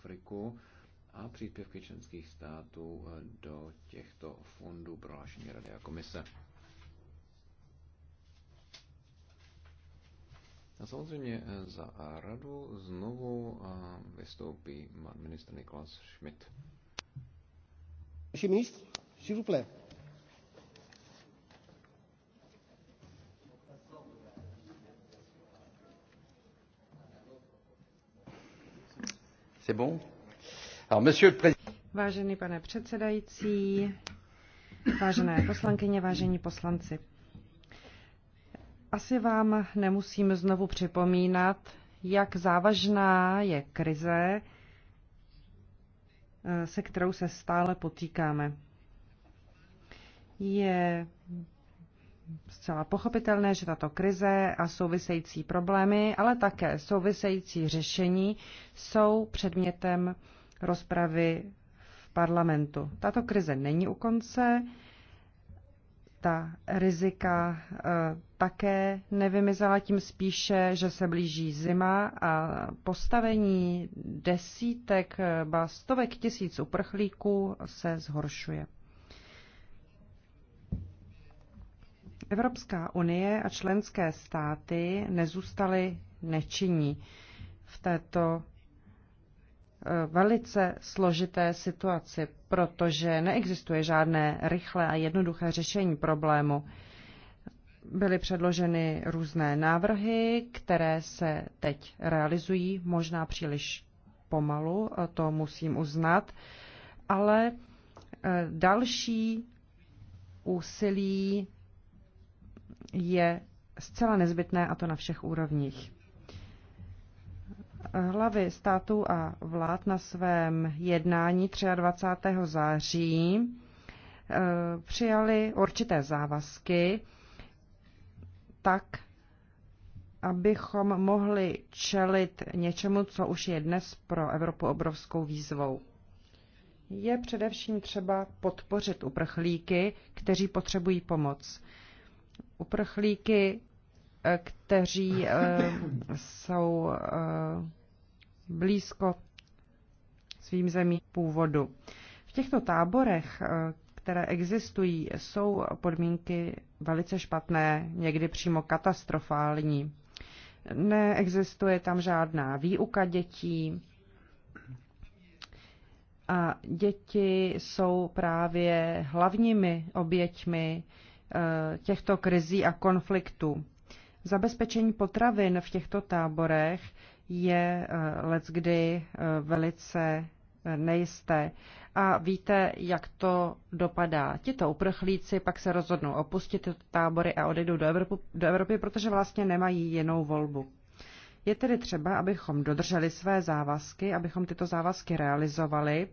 Afriku a příspěvky členských států eh, do těchto fondů prohlášení Rady a Komise. A samozřejmě eh, za radu znovu eh, vystoupí ministr Nikolas Schmidt. Monsieur ministre, s'il vous plaît. Vážený pane předsedající, vážené poslankyně, vážení poslanci. Asi vám nemusím znovu připomínat, jak závažná je krize, eh, se kterou se stále potýkáme. Je zcela pochopitelné, že tato krize a související problémy, ale také související řešení jsou předmětem rozpravy v parlamentu. Tato krize není u konce, ta rizika eh, také nevymizela, tím spíše, že se blíží zima a postavení desítek, eh, ba stovek tisíc uprchlíků se zhoršuje. Evropská unie a členské státy nezůstaly nečinní v této eh, velice složité situaci, protože neexistuje žádné rychlé a jednoduché řešení problému. Byly předloženy různé návrhy, které se teď realizují, možná příliš pomalu, eh, to musím uznat, ale eh, další úsilí je zcela nezbytné a to na všech úrovních. Hlavy států a vlád na svém jednání 23. září eh, přijali určité závazky tak, abychom mohli čelit něčemu, co už je dnes pro Evropu obrovskou výzvou. Je především třeba podpořit uprchlíky, kteří potřebují pomoc uprchlíky, eh, kteří eh, jsou eh, blízko svým zemí původu. V těchto táborech, které existují, jsou podmínky velice špatné, někdy přímo katastrofální. Neexistuje tam žádná výuka dětí a děti jsou právě hlavními oběťmi Eh, těchto krizí a konfliktů. Zabezpečení potravin v těchto táborech je eh, leckdy eh, velice nejisté. A víte, jak to dopadá. Tito uprchlíci pak se rozhodnou opustit tyto tábory a odejdou do Evropy, do Evropy, protože vlastně nemají jinou volbu. Je tedy třeba, abychom dodrželi své závazky, abychom tyto závazky realizovali.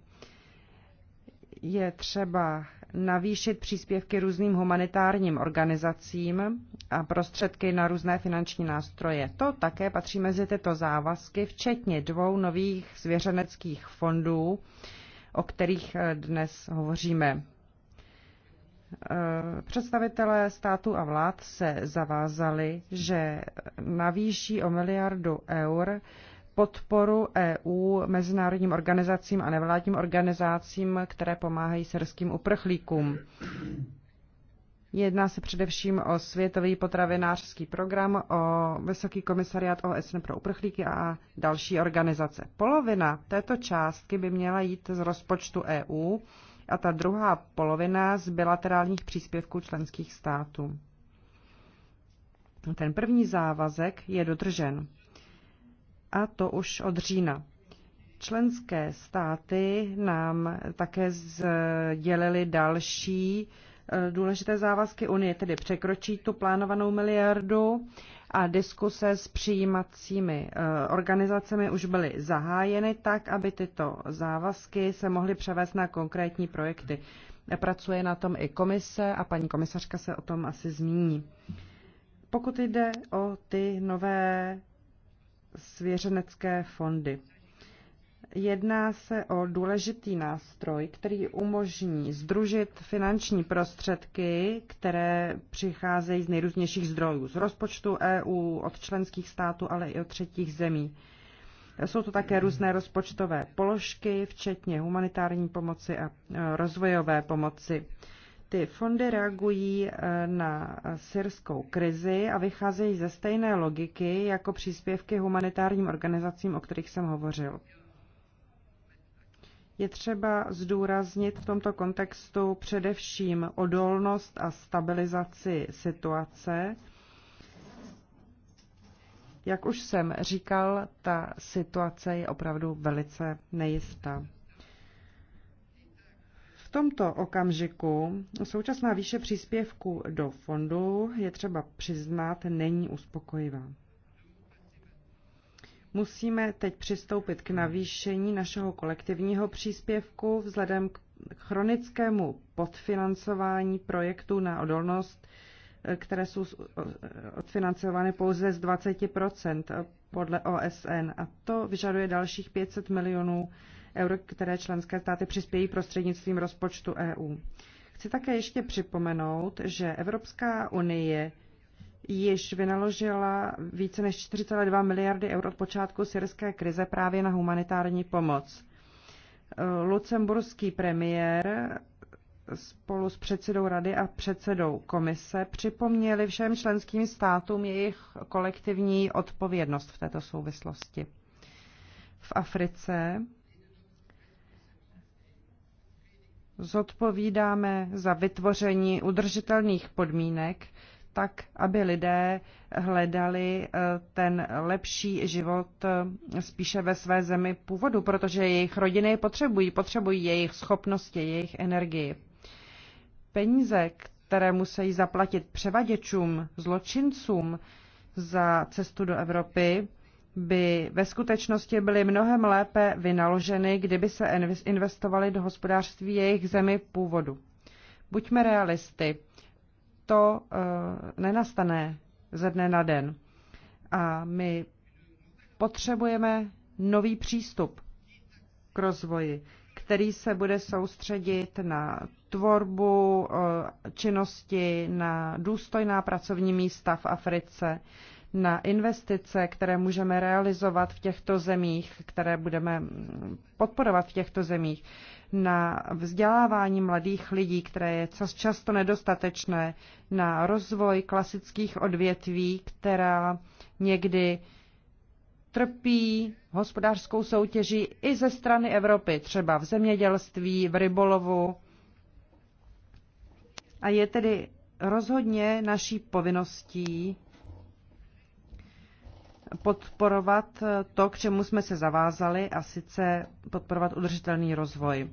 Je třeba navýšit příspěvky různým humanitárním organizacím a prostředky na různé finanční nástroje. To také patří mezi tyto závazky, včetně dvou nových svěřeneckých fondů, o kterých eh, dnes hovoříme. Eh, představitelé států a vlád se zavázali, že navýší o miliardu eur podporu EU mezinárodním organizacím a nevládním organizacím, které pomáhají syrským uprchlíkům. Jedná se především o Světový potravinářský program, o Vysoký komisariát OSN pro uprchlíky a další organizace. Polovina této částky by měla jít z rozpočtu EU a ta druhá polovina z bilaterálních příspěvků členských států. Ten první závazek je dodržen a to už od října. Členské státy nám také sdělili další eh, důležité závazky Unie, tedy překročí tu plánovanou miliardu a diskuse s přijímacími eh, organizacemi už byly zahájeny tak, aby tyto závazky se mohly převést na konkrétní projekty. Pracuje na tom i komise a paní komisařka se o tom asi zmíní. Pokud jde o ty nové svěřenecké fondy. Jedná se o důležitý nástroj, který umožní združit finanční prostředky, které přicházejí z nejrůznějších zdrojů, z rozpočtu EU, od členských států, ale i od třetích zemí. Jsou to také různé rozpočtové položky, včetně humanitární pomoci a e, rozvojové pomoci. Ty fondy reagují eh, na syrskou krizi a vycházejí ze stejné logiky jako příspěvky humanitárním organizacím, o kterých jsem hovořil. Je třeba zdůraznit v tomto kontextu především odolnost a stabilizaci situace. Jak už jsem říkal, ta situace je opravdu velice nejistá tomto okamžiku současná výše příspěvku do fondu je třeba přiznat, není uspokojivá. Musíme teď přistoupit k navýšení našeho kolektivního příspěvku vzhledem k chronickému podfinancování projektů na odolnost, které jsou odfinancovány pouze z 20 podle OSN. A to vyžaduje dalších 500 milionů eur, které členské státy přispějí prostřednictvím rozpočtu EU. Chci také ještě připomenout, že Evropská unie již vynaložila více než 4,2 miliardy eur od počátku syrské krize právě na humanitární pomoc. Lucemburský premiér spolu s předsedou rady a předsedou komise připomněli všem členským státům jejich kolektivní odpovědnost v této souvislosti. V Africe zodpovídáme za vytvoření udržitelných podmínek, tak, aby lidé hledali eh, ten lepší život eh, spíše ve své zemi původu, protože jejich rodiny potřebují, potřebují jejich schopnosti, jejich energii. Peníze, které musí zaplatit převaděčům, zločincům za cestu do Evropy, by ve skutečnosti byly mnohem lépe vynaloženy, kdyby se investovaly do hospodářství jejich zemi původu. Buďme realisty, to uh, nenastane ze dne na den. A my potřebujeme nový přístup k rozvoji, který se bude soustředit na tvorbu eh, činnosti, na důstojná pracovní místa v Africe, na investice, které můžeme realizovat v těchto zemích, které budeme podporovat v těchto zemích, na vzdělávání mladých lidí, které je často nedostatečné, na rozvoj klasických odvětví, která někdy trpí hospodářskou soutěží i ze strany Evropy, třeba v zemědělství, v rybolovu. A je tedy rozhodně naší povinností podporovat to, k čemu jsme se zavázali, a sice podporovat udržitelný rozvoj.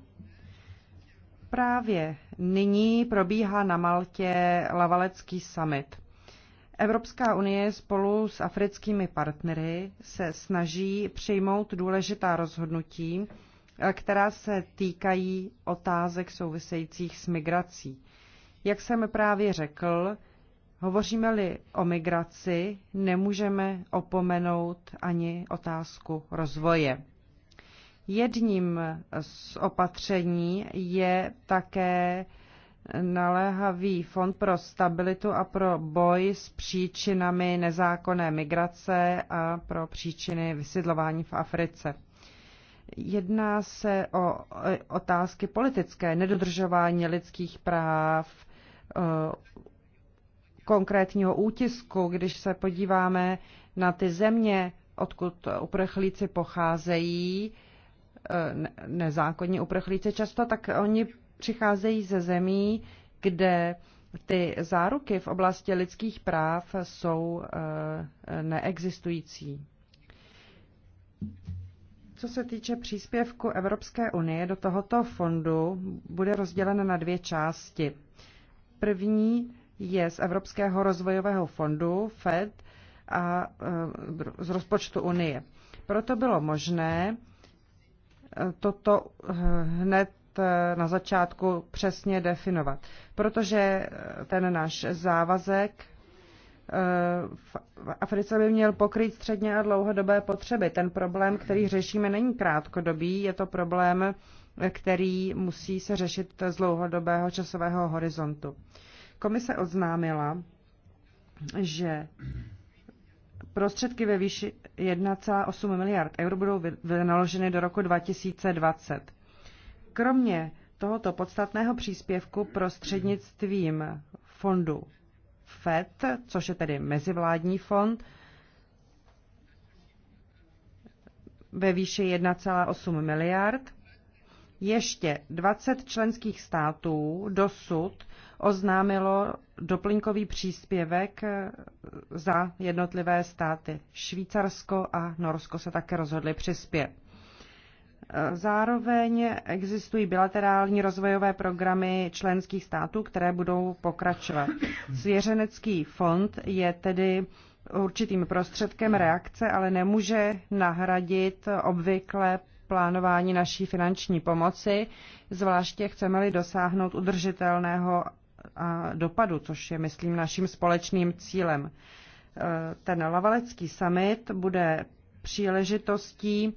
Právě nyní probíhá na Maltě Lavalecký summit. Evropská unie spolu s africkými partnery se snaží přijmout důležitá rozhodnutí, která se týkají otázek souvisejících s migrací. Jak jsem právě řekl, Hovoříme-li o migraci, nemůžeme opomenout ani otázku rozvoje. Jedním z opatření je také naléhavý fond pro stabilitu a pro boj s příčinami nezákonné migrace a pro příčiny vysidlování v Africe. Jedná se o otázky politické, nedodržování lidských práv, konkrétního útisku, když se podíváme na ty země, odkud uprchlíci pocházejí, eh, nezákonní uprchlíci často, tak oni přicházejí ze zemí, kde ty záruky v oblasti lidských práv jsou eh, neexistující. Co se týče příspěvku Evropské unie do tohoto fondu, bude rozdělen na dvě části. První je z Evropského rozvojového fondu FED a e, z rozpočtu Unie. Proto bylo možné e, toto e, hned na začátku přesně definovat, protože ten náš závazek v Africe by měl pokrýt středně a dlouhodobé potřeby. Ten problém, který řešíme, není krátkodobý, je to problém, který musí se řešit z dlouhodobého časového horizontu. Komise oznámila, že prostředky ve výši 1,8 miliard eur budou vynaloženy do roku 2020. Kromě tohoto podstatného příspěvku prostřednictvím fondu FED, což je tedy mezivládní fond, ve výši 1,8 miliard, ještě 20 členských států dosud oznámilo doplňkový příspěvek eh, za jednotlivé státy. Švýcarsko a Norsko se také rozhodly přispět. Eh, zároveň existují bilaterální rozvojové programy členských států, které budou pokračovat. Svěřenecký fond je tedy určitým prostředkem reakce, ale nemůže nahradit obvykle plánování naší finanční pomoci, zvláště chceme-li dosáhnout udržitelného dopadu, což je, myslím, naším společným cílem. E, ten lavalecký summit bude příležitostí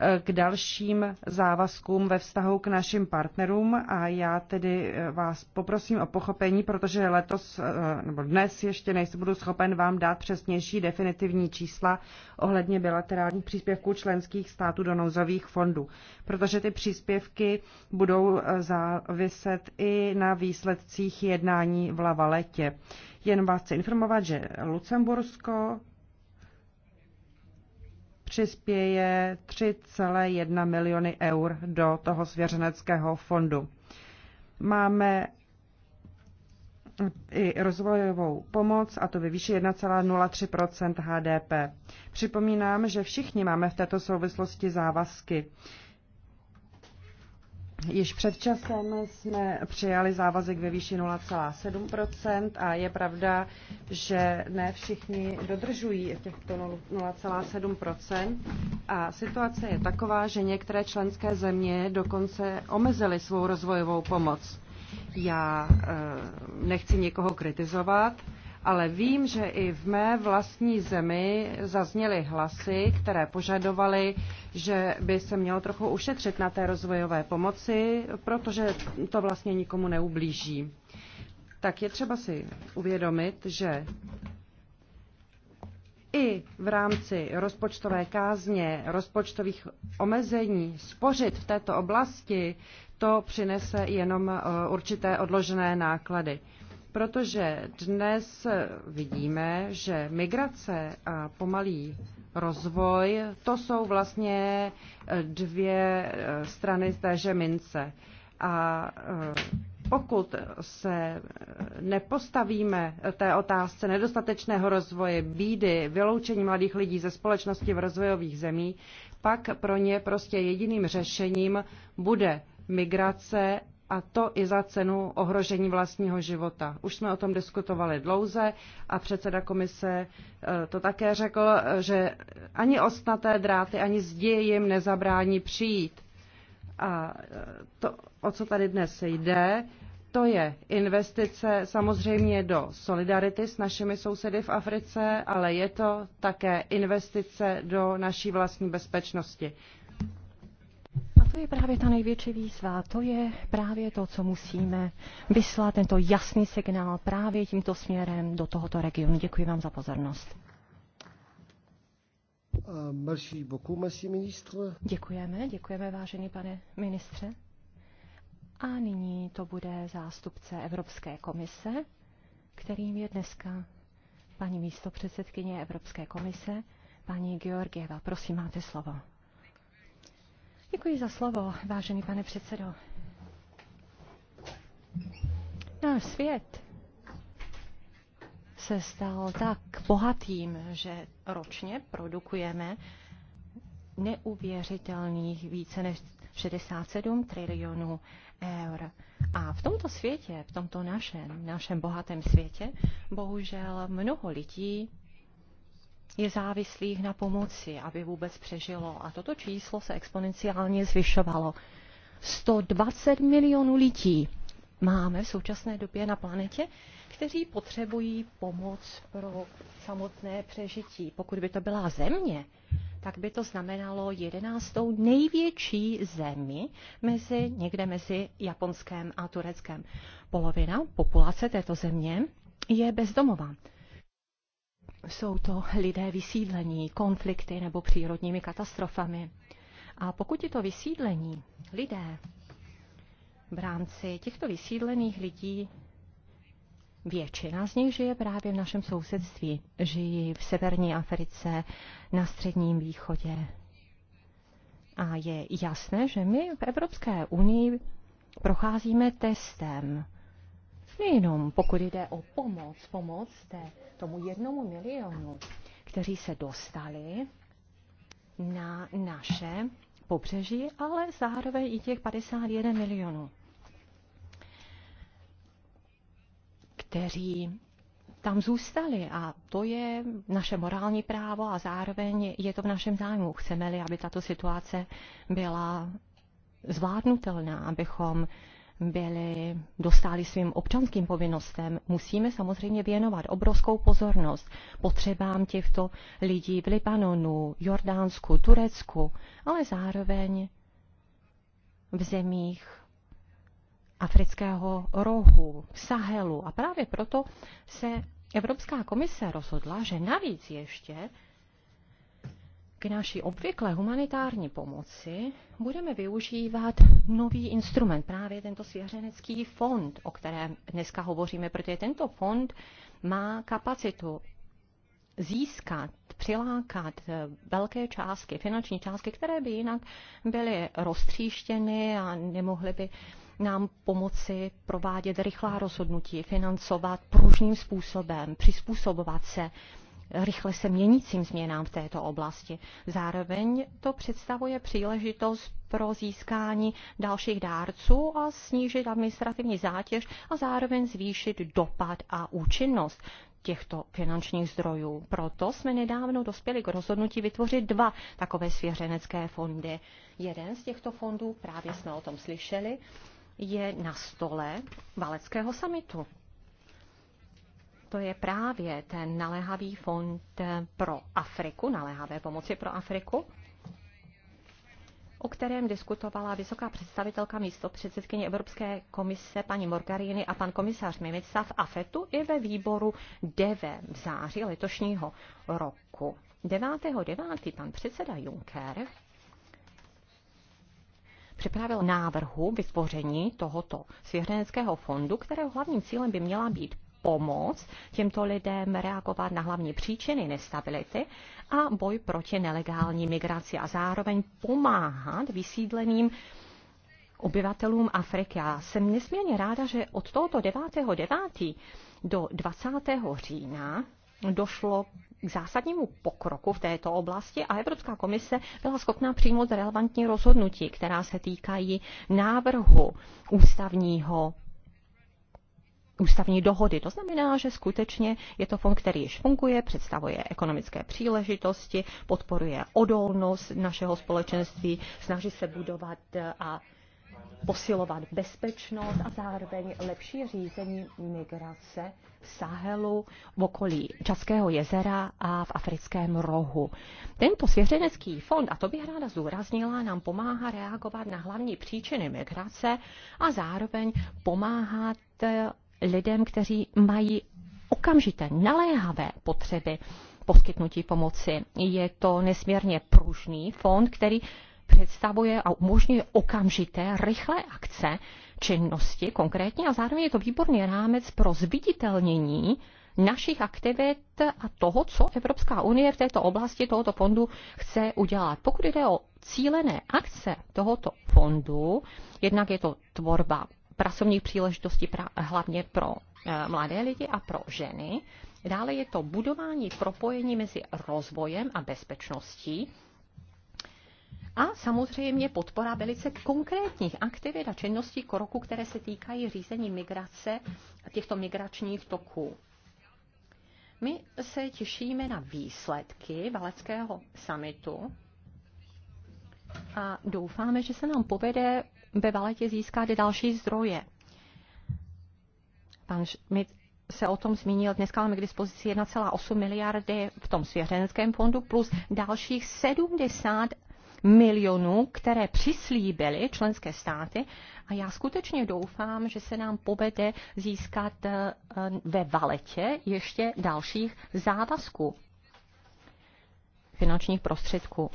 eh, k dalším závazkům ve vztahu k našim partnerům a já tedy eh, vás poprosím o pochopení, protože letos eh, nebo dnes ještě nejsem budu schopen vám dát přesnější definitivní čísla ohledně bilaterálních příspěvků členských států do nouzových fondů, protože ty příspěvky budou záviset i na výsledcích jednání v Lavaletě. Jen vás chci informovat, že Lucembursko, přispěje 3,1 miliony eur do toho svěřeneckého fondu. Máme i rozvojovou pomoc, a to ve výši 1,03 HDP. Připomínám, že všichni máme v této souvislosti závazky. Již před časem jsme přijali závazek ve výši 0,7 a je pravda, že ne všichni dodržují těchto 0,7 a situace je taková, že některé členské země dokonce omezily svou rozvojovou pomoc. Já eh, nechci někoho kritizovat, ale vím, že i v mé vlastní zemi zazněly hlasy, které požadovaly, že by se mělo trochu ušetřit na té rozvojové pomoci, protože to vlastně nikomu neublíží. Tak je třeba si uvědomit, že i v rámci rozpočtové kázně, rozpočtových omezení spořit v této oblasti, to přinese jenom eh, určité odložené náklady protože dnes vidíme, že migrace a pomalý rozvoj, to jsou vlastně eh, dvě eh, strany téže mince. A eh, pokud se nepostavíme té otázce nedostatečného rozvoje, bídy, vyloučení mladých lidí ze společnosti v rozvojových zemí, pak pro ně prostě jediným řešením bude migrace a to i za cenu ohrožení vlastního života. Už jsme o tom diskutovali dlouze a předseda komise eh, to také řekl, eh, že ani ostnaté dráty, ani zdi jim nezabrání přijít. A eh, to, o co tady dnes jde, to je investice samozřejmě do solidarity s našimi sousedy v Africe, ale je to také investice do naší vlastní bezpečnosti. To je právě ta největší výzva. To je právě to, co musíme vyslat, tento jasný signál právě tímto směrem do tohoto regionu. Děkuji vám za pozornost. Merci beaucoup, merci ministre. Děkujeme, děkujeme, vážený pane ministře. A nyní to bude zástupce Evropské komise, kterým je dneska paní místopředsedkyně Evropské komise, paní Georgieva. Prosím, máte slovo. Děkuji za slovo, vážený pane předsedo. Náš svět se stal tak bohatým, že ročně produkujeme neuvěřitelných více než 67 trilionů eur. A v tomto světě, v tomto našem, našem bohatém světě, bohužel mnoho lidí je závislých na pomoci, aby vůbec přežilo. A toto číslo se exponenciálně zvyšovalo. 120 milionů lidí máme v současné době na planetě, kteří potřebují pomoc pro samotné přežití. Pokud by to byla země, tak by to znamenalo jedenáctou největší zemi mezi, někde mezi Japonském a Tureckém. Polovina populace této země je bezdomová jsou to lidé vysídlení konflikty nebo přírodními katastrofami. A pokud je to vysídlení lidé v rámci těchto vysídlených lidí Většina z nich žije právě v našem sousedství. Žijí v severní Africe, na středním východě. A je jasné, že my v Evropské unii procházíme testem Nejenom vlastně pokud jde o pomoc, pomoc té, tomu jednomu milionu, kteří se dostali na naše pobřeží, ale zároveň i těch 51 milionů, kteří tam zůstali a to je naše morální právo a zároveň je to v našem zájmu. Chceme-li, aby tato situace byla zvládnutelná, abychom byli, dostali svým občanským povinnostem, musíme samozřejmě věnovat obrovskou pozornost potřebám těchto lidí v Libanonu, Jordánsku, Turecku, ale zároveň v zemích afrického rohu, Sahelu. A právě proto se Evropská komise rozhodla, že navíc ještě k naší obvyklé humanitární pomoci budeme využívat nový instrument, právě tento svěřenecký fond, o kterém dneska hovoříme, protože tento fond má kapacitu získat, přilákat velké částky, finanční částky, které by jinak byly roztříštěny a nemohly by nám pomoci provádět rychlá rozhodnutí, financovat pružným způsobem, přizpůsobovat se rychle se měnícím změnám v této oblasti. Zároveň to představuje příležitost pro získání dalších dárců a snížit administrativní zátěž a zároveň zvýšit dopad a účinnost těchto finančních zdrojů. Proto jsme nedávno dospěli k rozhodnutí vytvořit dva takové svěřenecké fondy. Jeden z těchto fondů, právě jsme o tom slyšeli, je na stole Valeckého samitu to je právě ten naléhavý fond pro Afriku, naléhavé pomoci pro Afriku, o kterém diskutovala vysoká představitelka místo předsedkyně Evropské komise paní Morgarini a pan komisař Mimica v AFETu i ve výboru 9 v září letošního roku. 9.9. pan předseda Juncker připravil návrhu vytvoření tohoto svěřeneckého fondu, kterého hlavním cílem by měla být pomoct těmto lidem reagovat na hlavní příčiny nestability a boj proti nelegální migraci a zároveň pomáhat vysídleným obyvatelům Afriky. Já jsem nesmírně ráda, že od tohoto 9.9. do 20. října došlo k zásadnímu pokroku v této oblasti a Evropská komise byla schopná přijmout relevantní rozhodnutí, která se týkají návrhu ústavního ústavní dohody. To znamená, že skutečně je to fond, který již funguje, představuje ekonomické příležitosti, podporuje odolnost našeho společenství, snaží se budovat a posilovat bezpečnost a zároveň lepší řízení migrace v Sahelu, v okolí českého jezera a v africkém rohu. Tento svěřenecký fond, a to bych ráda zúraznila, nám pomáhá reagovat na hlavní příčiny migrace a zároveň pomáhat lidem, kteří mají okamžité naléhavé potřeby poskytnutí pomoci. Je to nesmírně pružný fond, který představuje a umožňuje okamžité, rychlé akce činnosti konkrétně a zároveň je to výborný rámec pro zviditelnění našich aktivit a toho, co Evropská unie v této oblasti tohoto fondu chce udělat. Pokud jde o cílené akce tohoto fondu, jednak je to tvorba pracovních příležitostí pra, hlavně pro eh, mladé lidi a pro ženy. Dále je to budování propojení mezi rozvojem a bezpečností. A samozřejmě podpora velice konkrétních aktivit a činností kroku, které se týkají řízení migrace a těchto migračních toků. My se těšíme na výsledky Valeckého samitu a doufáme, že se nám povede ve Valetě získat další zdroje. Pan Schmidt se o tom zmínil, dneska máme k dispozici 1,8 miliardy v tom svěřenském fondu plus dalších 70 milionů, které přislíbily členské státy a já skutečně doufám, že se nám povede získat eh, ve valetě ještě dalších závazků finančních prostředků.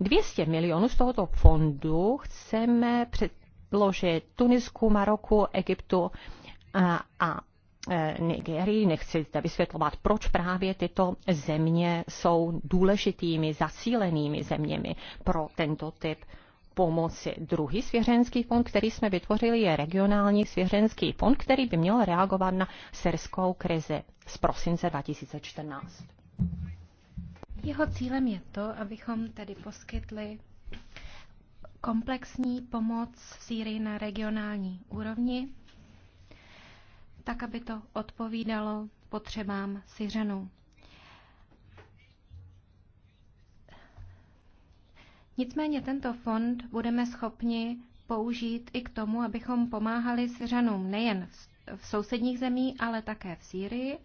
200 milionů z tohoto fondu chceme předložit Tunisku, Maroku, Egyptu a, a e, Nigerii. Nechci zde vysvětlovat, proč právě tyto země jsou důležitými, zacílenými zeměmi pro tento typ pomoci. Druhý svěřenský fond, který jsme vytvořili, je regionální svěřenský fond, který by měl reagovat na serskou krizi z prosince 2014. Jeho cílem je to, abychom tedy poskytli komplexní pomoc v Sýrii na regionální úrovni, tak aby to odpovídalo potřebám Syřanů. Nicméně tento fond budeme schopni použít i k tomu, abychom pomáhali Syřanům nejen v sousedních zemích, ale také v Sýrii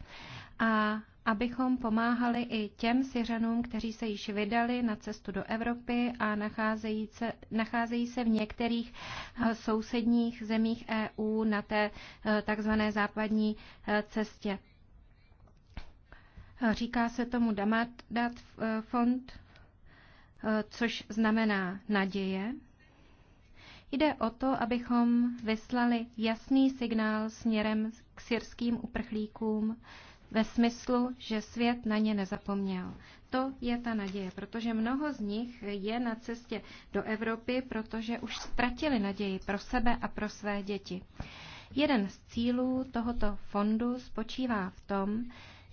a abychom pomáhali i těm Syřanům, kteří se již vydali na cestu do Evropy a nacházejí se, nacházejí se v některých eh, sousedních zemích EU na té eh, takzvané západní eh, cestě. Říká se tomu Damadat fond, což znamená naděje. Jde o to, abychom vyslali jasný signál směrem k syrským uprchlíkům, ve smyslu, že svět na ně nezapomněl. To je ta naděje, protože mnoho z nich je na cestě do Evropy, protože už ztratili naději pro sebe a pro své děti. Jeden z cílů tohoto fondu spočívá v tom,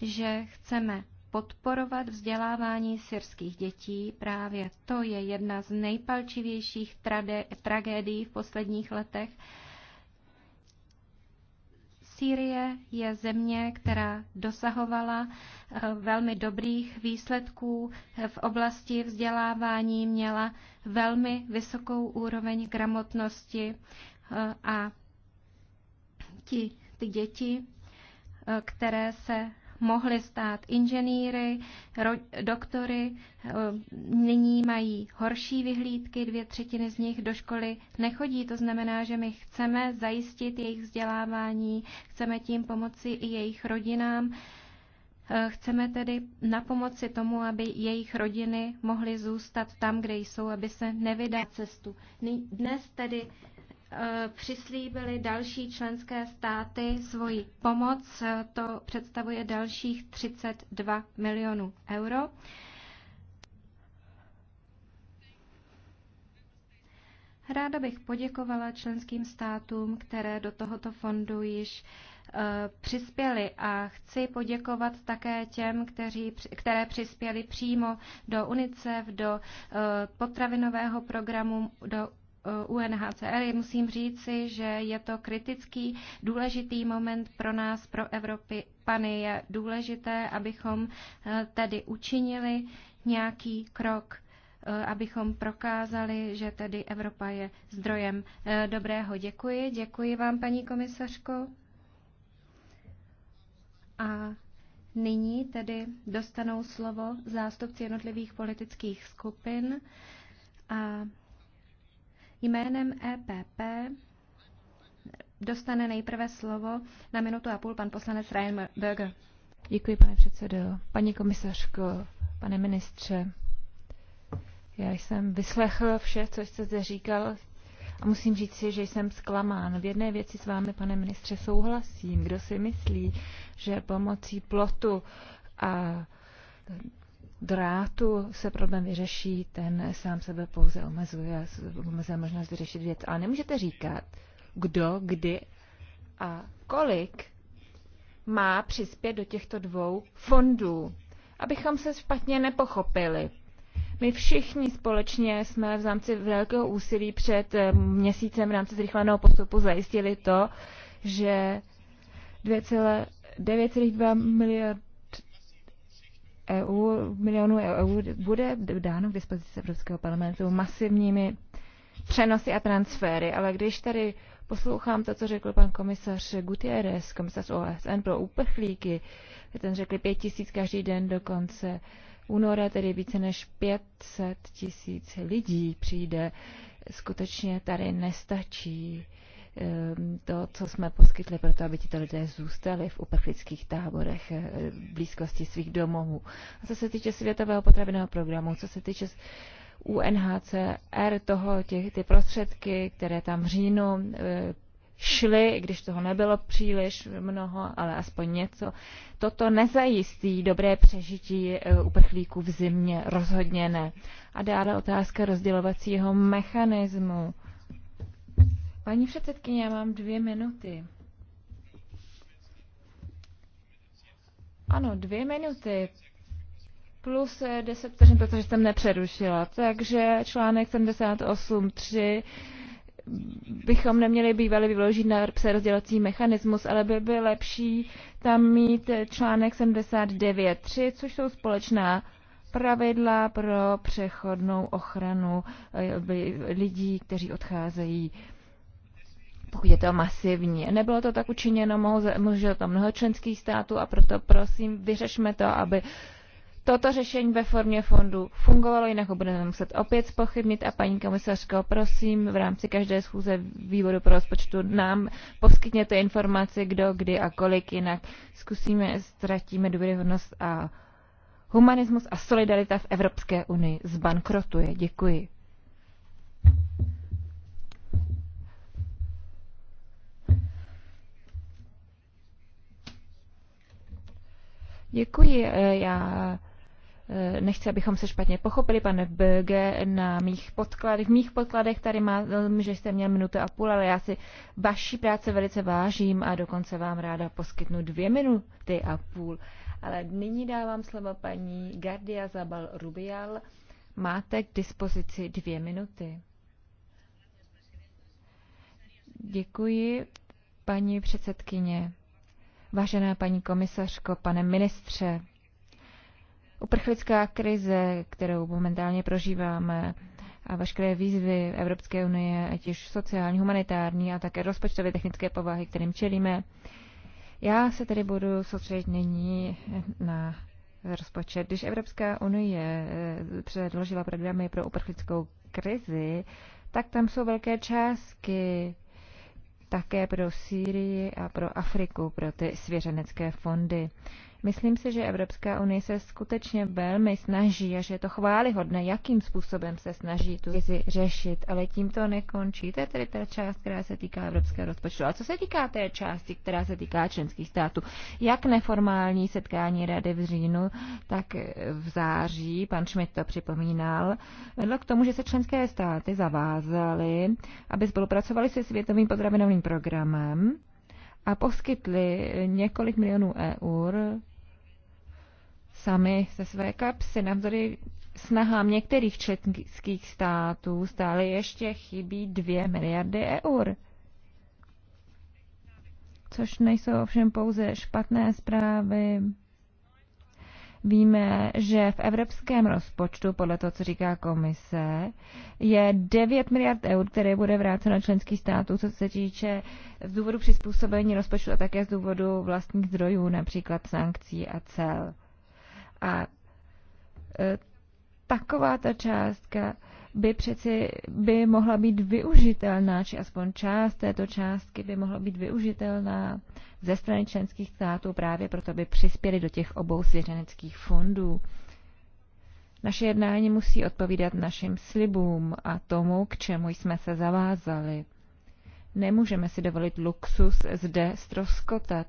že chceme podporovat vzdělávání syrských dětí. Právě to je jedna z nejpalčivějších tragédií v posledních letech. Sýrie je země, která dosahovala eh, velmi dobrých výsledků v oblasti vzdělávání, měla velmi vysokou úroveň gramotnosti eh, a ti, ty děti, eh, které se mohli stát inženýry, doktory, eh, nyní mají horší vyhlídky, dvě třetiny z nich do školy nechodí. To znamená, že my chceme zajistit jejich vzdělávání, chceme tím pomoci i jejich rodinám. Eh, chceme tedy na pomoci tomu, aby jejich rodiny mohly zůstat tam, kde jsou, aby se nevydá cestu. Dnes tedy Eh, přislíbily další členské státy svoji pomoc. Eh, to představuje dalších 32 milionů euro. Ráda bych poděkovala členským státům, které do tohoto fondu již eh, přispěli a chci poděkovat také těm, kteří, které přispěli přímo do UNICEF, do potravinového programu, do Eh, UNHCR. Musím říci, že je to kritický, důležitý moment pro nás, pro Evropy. Pany je důležité, abychom eh, tedy učinili nějaký krok eh, abychom prokázali, že tedy Evropa je zdrojem dobrého. Děkuji, děkuji vám, paní komisařko. A nyní tedy dostanou slovo zástupci jednotlivých politických skupin. A Jménem EPP dostane nejprve slovo na minutu a půl pan poslanec Ryan Berger. Děkuji, pane předsedo. Paní komisařko, pane ministře, já jsem vyslechl vše, co jste zde říkal a musím říct si, že jsem zklamán. V jedné věci s vámi, pane ministře, souhlasím. Kdo si myslí, že pomocí plotu a drátu se problém vyřeší, ten sám sebe pouze omezuje, omezuje možnost vyřešit věc. Ale nemůžete říkat, kdo, kdy a kolik má přispět do těchto dvou fondů, abychom se špatně nepochopili. My všichni společně jsme v zámci velkého úsilí před eh, měsícem v rámci zrychleného postupu zajistili to, že 2,9 miliard EU, milionů EU bude dáno k dispozici Evropského parlamentu masivními přenosy a transfery, ale když tady poslouchám to, co řekl pan komisař Gutierrez, komisař OSN pro že ten řekl 5 tisíc každý den do konce února, tedy více než 500 tisíc lidí přijde, skutečně tady nestačí Ehm, to, co jsme poskytli pro to, aby tito lidé zůstali v uprchlických táborech eh, v blízkosti svých domovů. A co se týče světového potravinového programu, co se týče UNHCR, toho, těch, ty prostředky, které tam v říjnu eh, šly, když toho nebylo příliš mnoho, ale aspoň něco. Toto nezajistí dobré přežití eh, uprchlíků v zimě, rozhodně ne. A dále otázka rozdělovacího mechanismu. Paní předsedkyně, já mám dvě minuty. Ano, dvě minuty plus 10 vteřin, protože jsem nepřerušila. Takže článek 78.3 bychom neměli bývali vyložit na přerozdělací mechanismus, ale by byl lepší tam mít článek 79.3, což jsou společná pravidla pro přechodnou ochranu eh, lidí, kteří odcházejí pokud je to masivní. Nebylo to tak učiněno, může to mnoho členských států a proto prosím, vyřešme to, aby toto řešení ve formě fondu fungovalo, jinak ho budeme muset opět spochybnit a paní komisařko, prosím, v rámci každé schůze výboru pro rozpočtu nám poskytněte informace, kdo, kdy a kolik, jinak zkusíme, ztratíme důvěryhodnost a humanismus a solidarita v Evropské unii zbankrotuje. Děkuji. Děkuji. Eh, já eh, nechci, abychom se špatně pochopili, pane BG na mých podkladech. V mých podkladech tady mám, mm, že jste měl minutu a půl, ale já si vaší práce velice vážím a dokonce vám ráda poskytnu dvě minuty a půl. Ale nyní dávám slovo paní Gardia Zabal Rubial. Máte k dispozici dvě minuty. Děkuji, paní předsedkyně. Vážená paní komisařko, pane ministře, uprchlická krize, kterou momentálně prožíváme, a veškeré výzvy Evropské unie, ať už sociální, humanitární a také rozpočtově technické povahy, kterým čelíme. Já se tedy budu soustředit nyní na rozpočet. Když Evropská unie eh, předložila programy pro uprchlickou krizi, tak tam jsou velké částky také pro Sýrii a pro Afriku, pro ty svěřenecké fondy. Myslím si, že Evropská unie se skutečně velmi snaží a že je to chválihodné, jakým způsobem se snaží tu krizi řešit, ale tím to nekončí. To je tedy ta část, která se týká evropského rozpočtu. A co se týká té části, která se týká členských států, jak neformální setkání rady v říjnu, tak v září, pan Schmidt to připomínal, vedlo k tomu, že se členské státy zavázaly, aby spolupracovali se Světovým potravinovým programem a poskytli několik milionů eur sami ze své kapsy. Navzdory snahám některých členských států stále ještě chybí 2 miliardy eur. Což nejsou ovšem pouze špatné zprávy, Víme, že v evropském rozpočtu, podle toho, co říká komise, je 9 miliard eur, které bude vráceno členských států, co se týče z důvodu přizpůsobení rozpočtu a také z důvodu vlastních zdrojů, například sankcí a cel. A e, taková ta částka by přeci by mohla být využitelná, či aspoň část této částky by mohla být využitelná ze strany členských států právě proto, aby přispěli do těch obou svěřeneckých fondů. Naše jednání musí odpovídat našim slibům a tomu, k čemu jsme se zavázali. Nemůžeme si dovolit luxus zde stroskotat.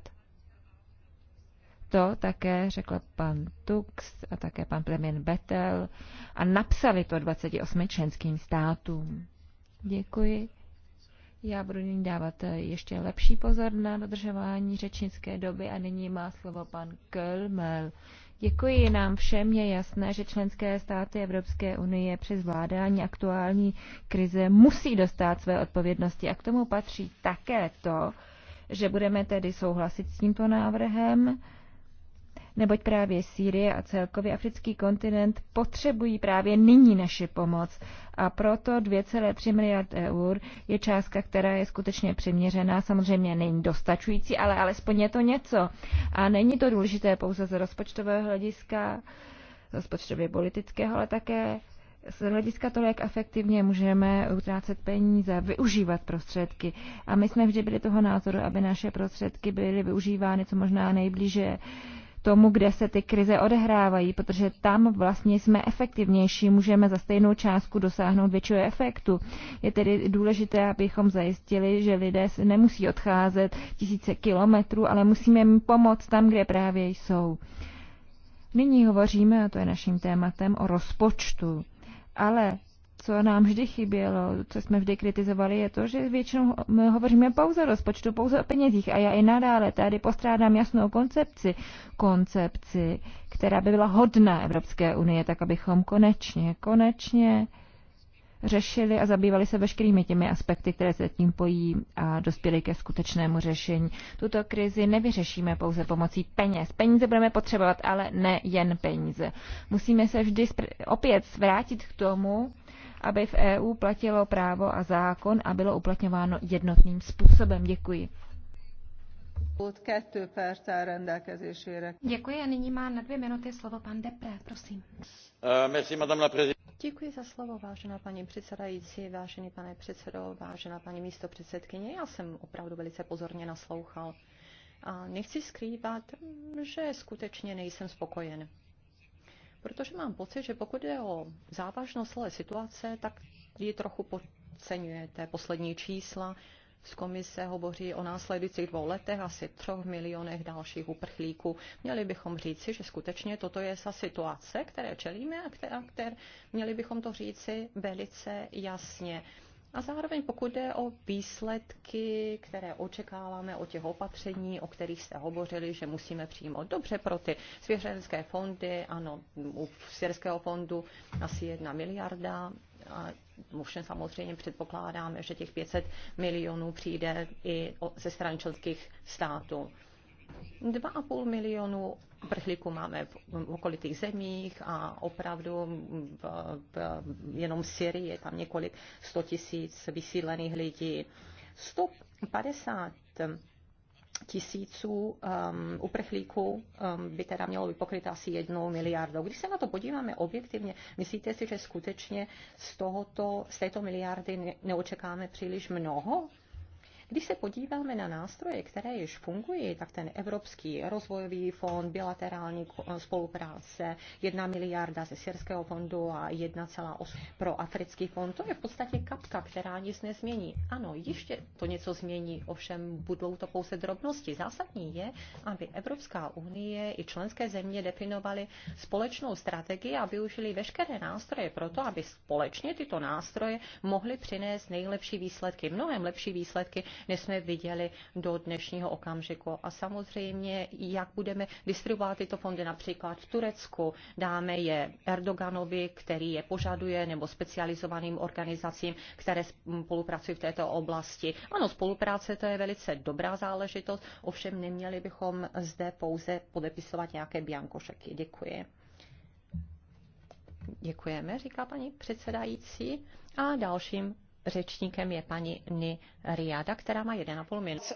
To také řekl pan Tux a také pan Plemin Betel a napsali to 28 členským státům. Děkuji. Já budu nyní dávat eh, ještě lepší pozor na dodržování řečnické doby a nyní má slovo pan Kölmel. Děkuji nám všem, je jasné, že členské státy Evropské unie při zvládání aktuální krize musí dostat své odpovědnosti a k tomu patří také to, že budeme tedy souhlasit s tímto návrhem neboť právě Sýrie a celkově africký kontinent potřebují právě nyní naši pomoc. A proto 2,3 miliard eur je částka, která je skutečně přiměřená. Samozřejmě není dostačující, ale alespoň je to něco. A není to důležité pouze z rozpočtového hlediska, z rozpočtově politického, ale také z hlediska toho, jak efektivně můžeme utrácet peníze, využívat prostředky. A my jsme vždy byli toho názoru, aby naše prostředky byly využívány co možná nejblíže tomu, kde se ty krize odehrávají, protože tam vlastně jsme efektivnější, můžeme za stejnou částku dosáhnout většího efektu. Je tedy důležité, abychom zajistili, že lidé nemusí odcházet tisíce kilometrů, ale musíme jim pomoct tam, kde právě jsou. Nyní hovoříme, a to je naším tématem, o rozpočtu. Ale co nám vždy chybělo, co jsme vždy kritizovali, je to, že většinou hovoříme pouze o rozpočtu, pouze o penězích. A já i nadále tady postrádám jasnou koncepci, koncepci, která by byla hodná Evropské unie, tak abychom konečně, konečně řešili a zabývali se veškerými těmi aspekty, které se tím pojí a dospěli ke skutečnému řešení. Tuto krizi nevyřešíme pouze pomocí peněz. Peníze budeme potřebovat, ale ne jen peníze. Musíme se vždy opět vrátit k tomu, aby v EU platilo právo a zákon a bylo uplatňováno jednotným způsobem. Děkuji. Děkuji a nyní má na dvě minuty slovo pan Depre, prosím. Eh, Děkuji za slovo, vážená paní předsedající, vážený pane předsedo, vážená paní místo předsedkyně. Já jsem opravdu velice pozorně naslouchal. A nechci skrývat, že skutečně nejsem spokojen protože mám pocit, že pokud je o závažnost celé situace, tak ji trochu podceňujete. Poslední čísla z komise hovoří o následujících dvou letech asi třech milionech dalších uprchlíků. Měli bychom říci, že skutečně toto je ta situace, které čelíme a které, které, měli bychom to říci velice jasně. A zároveň pokud jde o výsledky, které očekáváme o těch opatření, o kterých jste hovořili, že musíme přijmout dobře pro ty svěřenské fondy, ano, u svěřenského fondu asi jedna miliarda, a možná samozřejmě předpokládáme, že těch 500 milionů přijde i ze strany členských států. 2,5 milionu prchlíků máme v okolitých zemích a opravdu v, v, jenom v Syrii je tam několik 100 tisíc vysílených lidí. 150 tisíců um, uprchlíků um, by teda mělo být pokryt asi jednou miliardou. Když se na to podíváme objektivně, myslíte si, že skutečně z, tohoto, z této miliardy ne, neočekáme příliš mnoho? Když se podíváme na nástroje, které již fungují, tak ten Evropský rozvojový fond, bilaterální spolupráce, 1 miliarda ze Syrského fondu a 1,8 pro Africký fond, to je v podstatě kapka, která nic nezmění. Ano, ještě to něco změní, ovšem budou to pouze drobnosti. Zásadní je, aby Evropská unie i členské země definovaly společnou strategii a využili veškeré nástroje pro to, aby společně tyto nástroje mohly přinést nejlepší výsledky, mnohem lepší výsledky, než jsme viděli do dnešního okamžiku. A samozřejmě, jak budeme distribuovat tyto fondy například v Turecku, dáme je Erdoganovi, který je požaduje, nebo specializovaným organizacím, které spolupracují v této oblasti. Ano, spolupráce to je velice dobrá záležitost, ovšem neměli bychom zde pouze podepisovat nějaké biankošeky. Děkuji. Děkujeme, říká paní předsedající. A dalším řečníkem je paní Ni Riada, která má 1,5 minuty.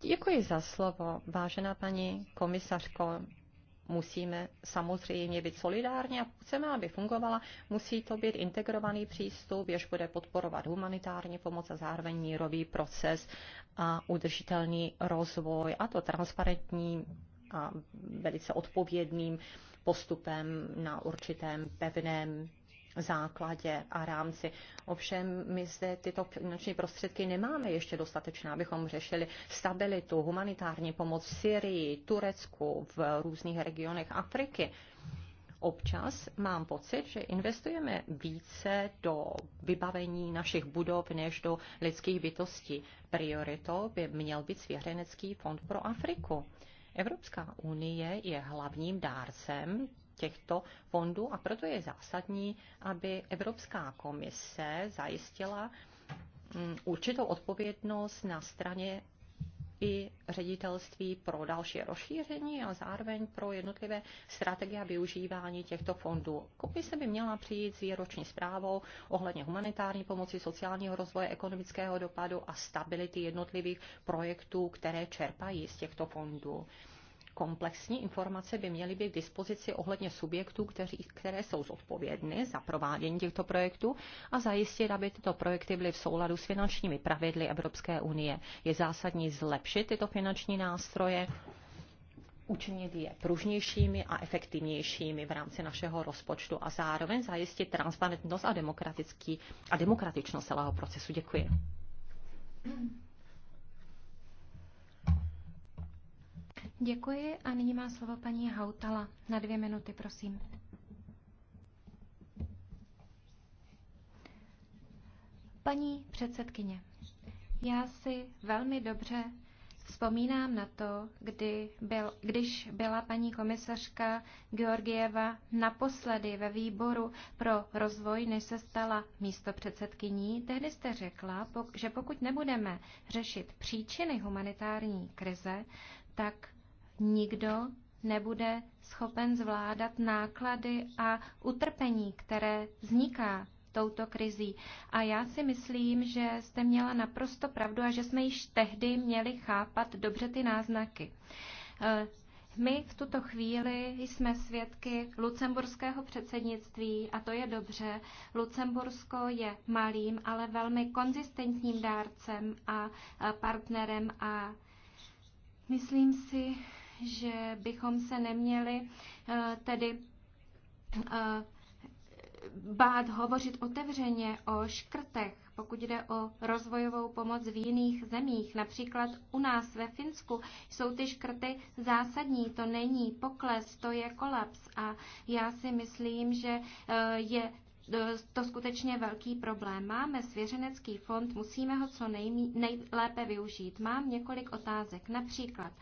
Děkuji za slovo, vážená paní komisařko. Musíme samozřejmě být solidární a chceme, aby fungovala, musí to být integrovaný přístup, jež bude podporovat humanitární pomoc a zároveň mírový proces a udržitelný rozvoj, a to transparentní a velice odpovědným postupem na určitém pevném základě a rámci. Ovšem my zde tyto finanční prostředky nemáme ještě dostatečné, abychom řešili stabilitu, humanitární pomoc v Syrii, Turecku, v různých regionech Afriky. Občas mám pocit, že investujeme více do vybavení našich budov než do lidských bytostí. Prioritou by měl být svěřenecký fond pro Afriku. Evropská unie je hlavním dárcem těchto fondů a proto je zásadní, aby Evropská komise zajistila mm, určitou odpovědnost na straně i ředitelství pro další rozšíření a zároveň pro jednotlivé strategie a využívání těchto fondů. Komise by měla přijít s výroční zprávou ohledně humanitární pomoci, sociálního rozvoje, ekonomického dopadu a stability jednotlivých projektů, které čerpají z těchto fondů komplexní informace by měly být k dispozici ohledně subjektů, kteří, které jsou zodpovědny za provádění těchto projektů a zajistit, aby tyto projekty byly v souladu s finančními pravidly Evropské unie. Je zásadní zlepšit tyto finanční nástroje, učinit je pružnějšími a efektivnějšími v rámci našeho rozpočtu a zároveň zajistit transparentnost a, demokratický, a demokratičnost celého procesu. Děkuji. Děkuji a nyní má slovo paní Hautala. Na dvě minuty, prosím. Paní předsedkyně, já si velmi dobře vzpomínám na to, kdy byl, když byla paní komisařka Georgieva naposledy ve výboru pro rozvoj, než se stala místopředsedkyní, tehdy jste řekla, že pokud nebudeme řešit příčiny humanitární krize, tak nikdo nebude schopen zvládat náklady a utrpení, které vzniká touto krizí. A já si myslím, že jste měla naprosto pravdu a že jsme již tehdy měli chápat dobře ty náznaky. Eh, my v tuto chvíli jsme svědky lucemburského předsednictví a to je dobře. Lucembursko je malým, ale velmi konzistentním dárcem a partnerem a myslím si, že bychom se neměli eh, tedy eh, bát hovořit otevřeně o škrtech, pokud jde o rozvojovou pomoc v jiných zemích. Například u nás ve Finsku jsou ty škrty zásadní, to není pokles, to je kolaps a já si myslím, že eh, je to skutečně velký problém. Máme svěřenecký fond, musíme ho co nejmí, nejlépe využít. Mám několik otázek, například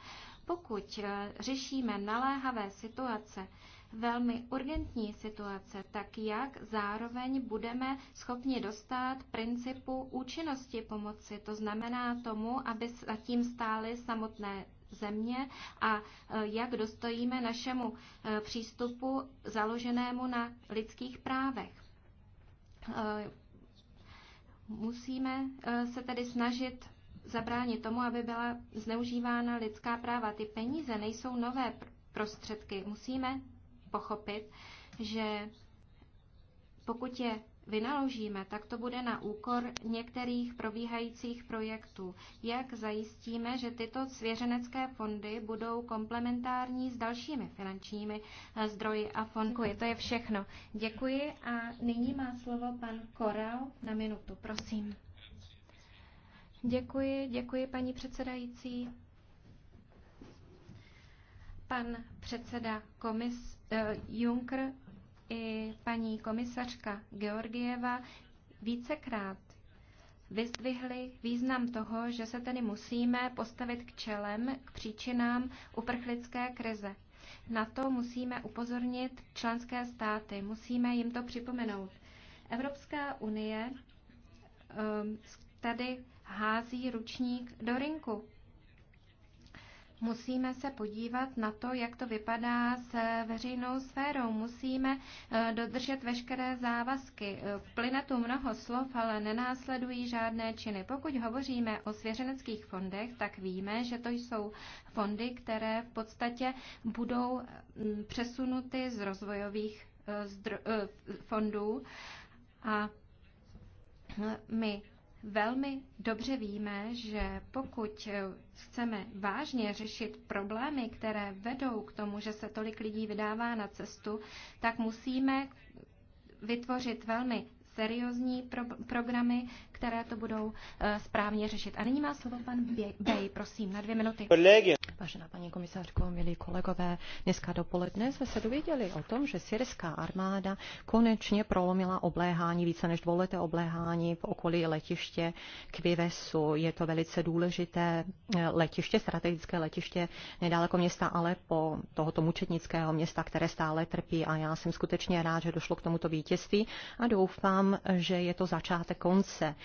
pokud eh, řešíme naléhavé situace, velmi urgentní situace, tak jak zároveň budeme schopni dostat principu účinnosti pomoci. To znamená tomu, aby zatím stály samotné země a eh, jak dostojíme našemu eh, přístupu založenému na lidských právech. Musíme se tedy snažit zabránit tomu, aby byla zneužívána lidská práva. Ty peníze nejsou nové prostředky. Musíme pochopit, že pokud je vynaložíme, tak to bude na úkor některých probíhajících projektů. Jak zajistíme, že tyto svěřenecké fondy budou komplementární s dalšími finančními eh, zdroji a fondy? To je všechno. Děkuji a nyní má slovo pan Koral na minutu. Prosím. Děkuji, děkuji paní předsedající. Pan předseda komis, eh, Juncker i paní komisařka Georgieva vícekrát vyzdvihli význam toho, že se tedy musíme postavit k čelem k příčinám uprchlické krize. Na to musíme upozornit členské státy, musíme jim to připomenout. Evropská unie ehm, tady hází ručník do rinku. Musíme se podívat na to, jak to vypadá s veřejnou sférou. Musíme eh, dodržet veškeré závazky. Eh, plyne tu mnoho slov, ale nenásledují žádné činy. Pokud hovoříme o svěřeneckých fondech, tak víme, že to jsou fondy, které v podstatě budou mm, přesunuty z rozvojových eh, fondů. A hm, my velmi dobře víme, že pokud chceme vážně řešit problémy, které vedou k tomu, že se tolik lidí vydává na cestu, tak musíme vytvořit velmi seriózní pro- programy, které to budou eh, správně řešit. A nyní má slovo pan Bej, prosím, na dvě minuty. Vážená paní komisářko, milí kolegové, dneska dopoledne jsme se dověděli o tom, že syrská armáda konečně prolomila obléhání, více než dvouleté obléhání v okolí letiště Kvivesu. Je to velice důležité eh, letiště, strategické letiště nedaleko města Alepo, tohoto mučetnického města, které stále trpí a já jsem skutečně rád, že došlo k tomuto vítězství a doufám, že je to začátek konce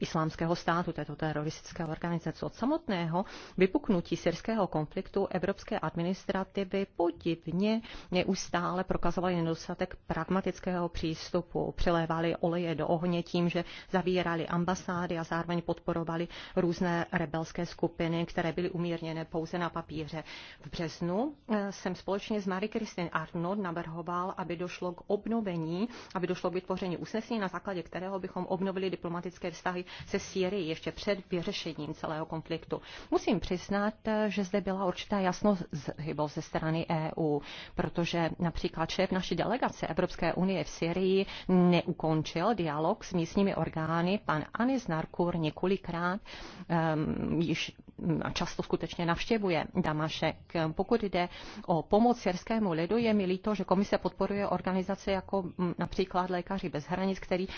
islámského státu, této teroristické organizace. Od samotného vypuknutí syrského konfliktu evropské administrativy podivně neustále prokazovaly nedostatek pragmatického přístupu, přilévali oleje do ohně tím, že zavírali ambasády a zároveň podporovali různé rebelské skupiny, které byly umírněné pouze na papíře. V březnu eh, jsem společně s Marie Christine Arnold navrhoval, aby došlo k obnovení, aby došlo k vytvoření usnesení, na základě kterého bychom obnovili diplomatické vztahy se Sýrií ještě před vyřešením celého konfliktu. Musím přiznat, že zde byla určitá jasnost zhybou ze strany EU, protože například šéf naší delegace Evropské unie v Syrii neukončil dialog s místními orgány. Pan Anis Narkur několikrát um, již hm, často skutečně navštěvuje Damašek. Pokud jde o pomoc syrskému lidu, je mi líto, že komise podporuje organizace jako hm, například Lékaři bez hranic, který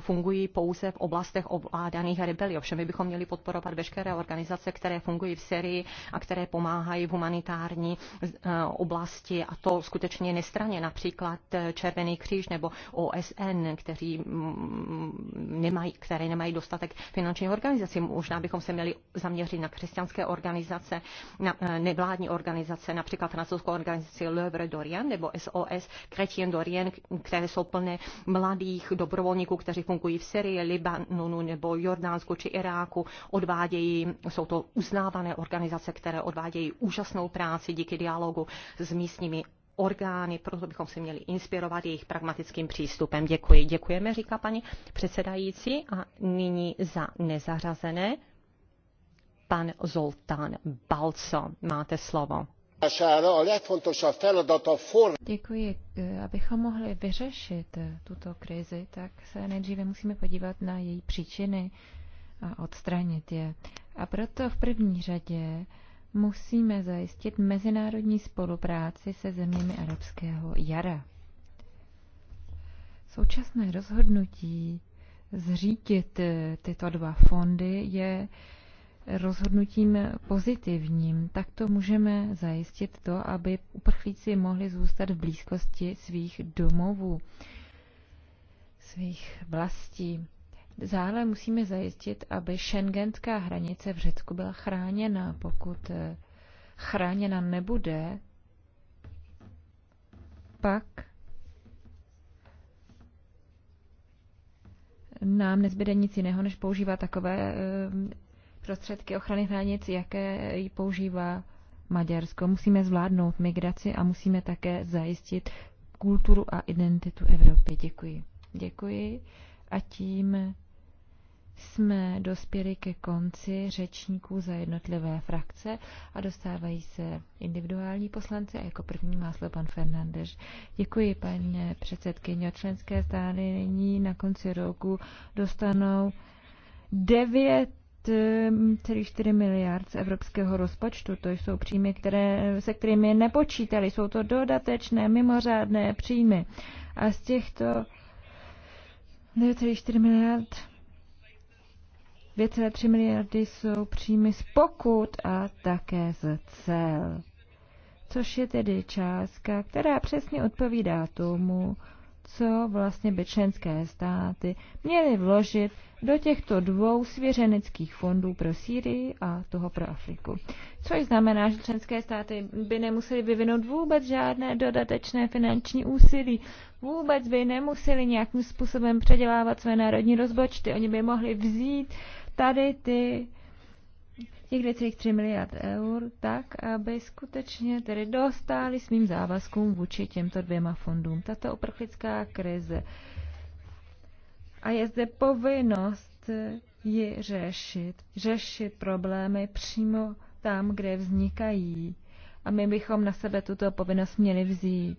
fungují pouze v oblastech ovládaných rebelí. Ovšem my bychom měli podporovat veškeré organizace, které fungují v Syrii a které pomáhají v humanitární eh, oblasti a to skutečně nestraně, například eh, Červený kříž nebo OSN, kteří mm, nemají, které nemají dostatek finančních organizací. Možná bychom se měli zaměřit na křesťanské organizace, na eh, nevládní organizace, například francouzskou organizaci L'Oeuvre Dorian nebo SOS Chrétien Dorian, které jsou plné mladých dobrovolníků, kteří fungují v Syrii, Libanonu nebo Jordánsku či Iráku odvádějí, jsou to uznávané organizace, které odvádějí úžasnou práci díky dialogu s místními orgány, proto bychom se měli inspirovat jejich pragmatickým přístupem. Děkuji. Děkujeme, říká paní předsedající. A nyní za nezařazené pan Zoltán Balco. Máte slovo. Děkuji. Eh, abychom mohli vyřešit eh, tuto krizi, tak se nejdříve musíme podívat na její příčiny a odstranit je. A proto v první řadě musíme zajistit mezinárodní spolupráci se zeměmi arabského jara. Současné rozhodnutí zřídit eh, tyto dva fondy je rozhodnutím pozitivním, tak to můžeme zajistit to, aby uprchlíci mohli zůstat v blízkosti svých domovů, svých vlastí. Zále musíme zajistit, aby šengenská hranice v Řecku byla chráněna. Pokud eh, chráněna nebude, pak nám nezbyde nic jiného, než používat takové eh, prostředky ochrany hranic, jaké ji používá Maďarsko. Musíme zvládnout migraci a musíme také zajistit kulturu a identitu Evropy. Děkuji. Děkuji. A tím jsme dospěli ke konci řečníků za jednotlivé frakce a dostávají se individuální poslanci a jako první má slovo pan Fernandeš. Děkuji, paní předsedkyně. Členské strany nyní na konci roku dostanou devět 5,4 miliard z evropského rozpočtu. To jsou příjmy, které, se kterými nepočítali. Jsou to dodatečné, mimořádné příjmy. A z těchto 2,4 miliard 2,3 miliardy jsou příjmy z pokut a také z cel. Což je tedy částka, která přesně odpovídá tomu, co vlastně by členské státy měly vložit do těchto dvou svěřeneckých fondů pro Sýrii a toho pro Afriku. Což znamená, že členské státy by nemusely vyvinout vůbec žádné dodatečné finanční úsilí, vůbec by nemuseli nějakým způsobem předělávat své národní rozpočty. Oni by mohli vzít tady ty těch 3 miliard eur tak, aby skutečně tedy dostali svým závazkům vůči těmto dvěma fondům. Tato oprchlická krize. A je zde povinnost ji řešit. Řešit problémy přímo tam, kde vznikají. A my bychom na sebe tuto povinnost měli vzít.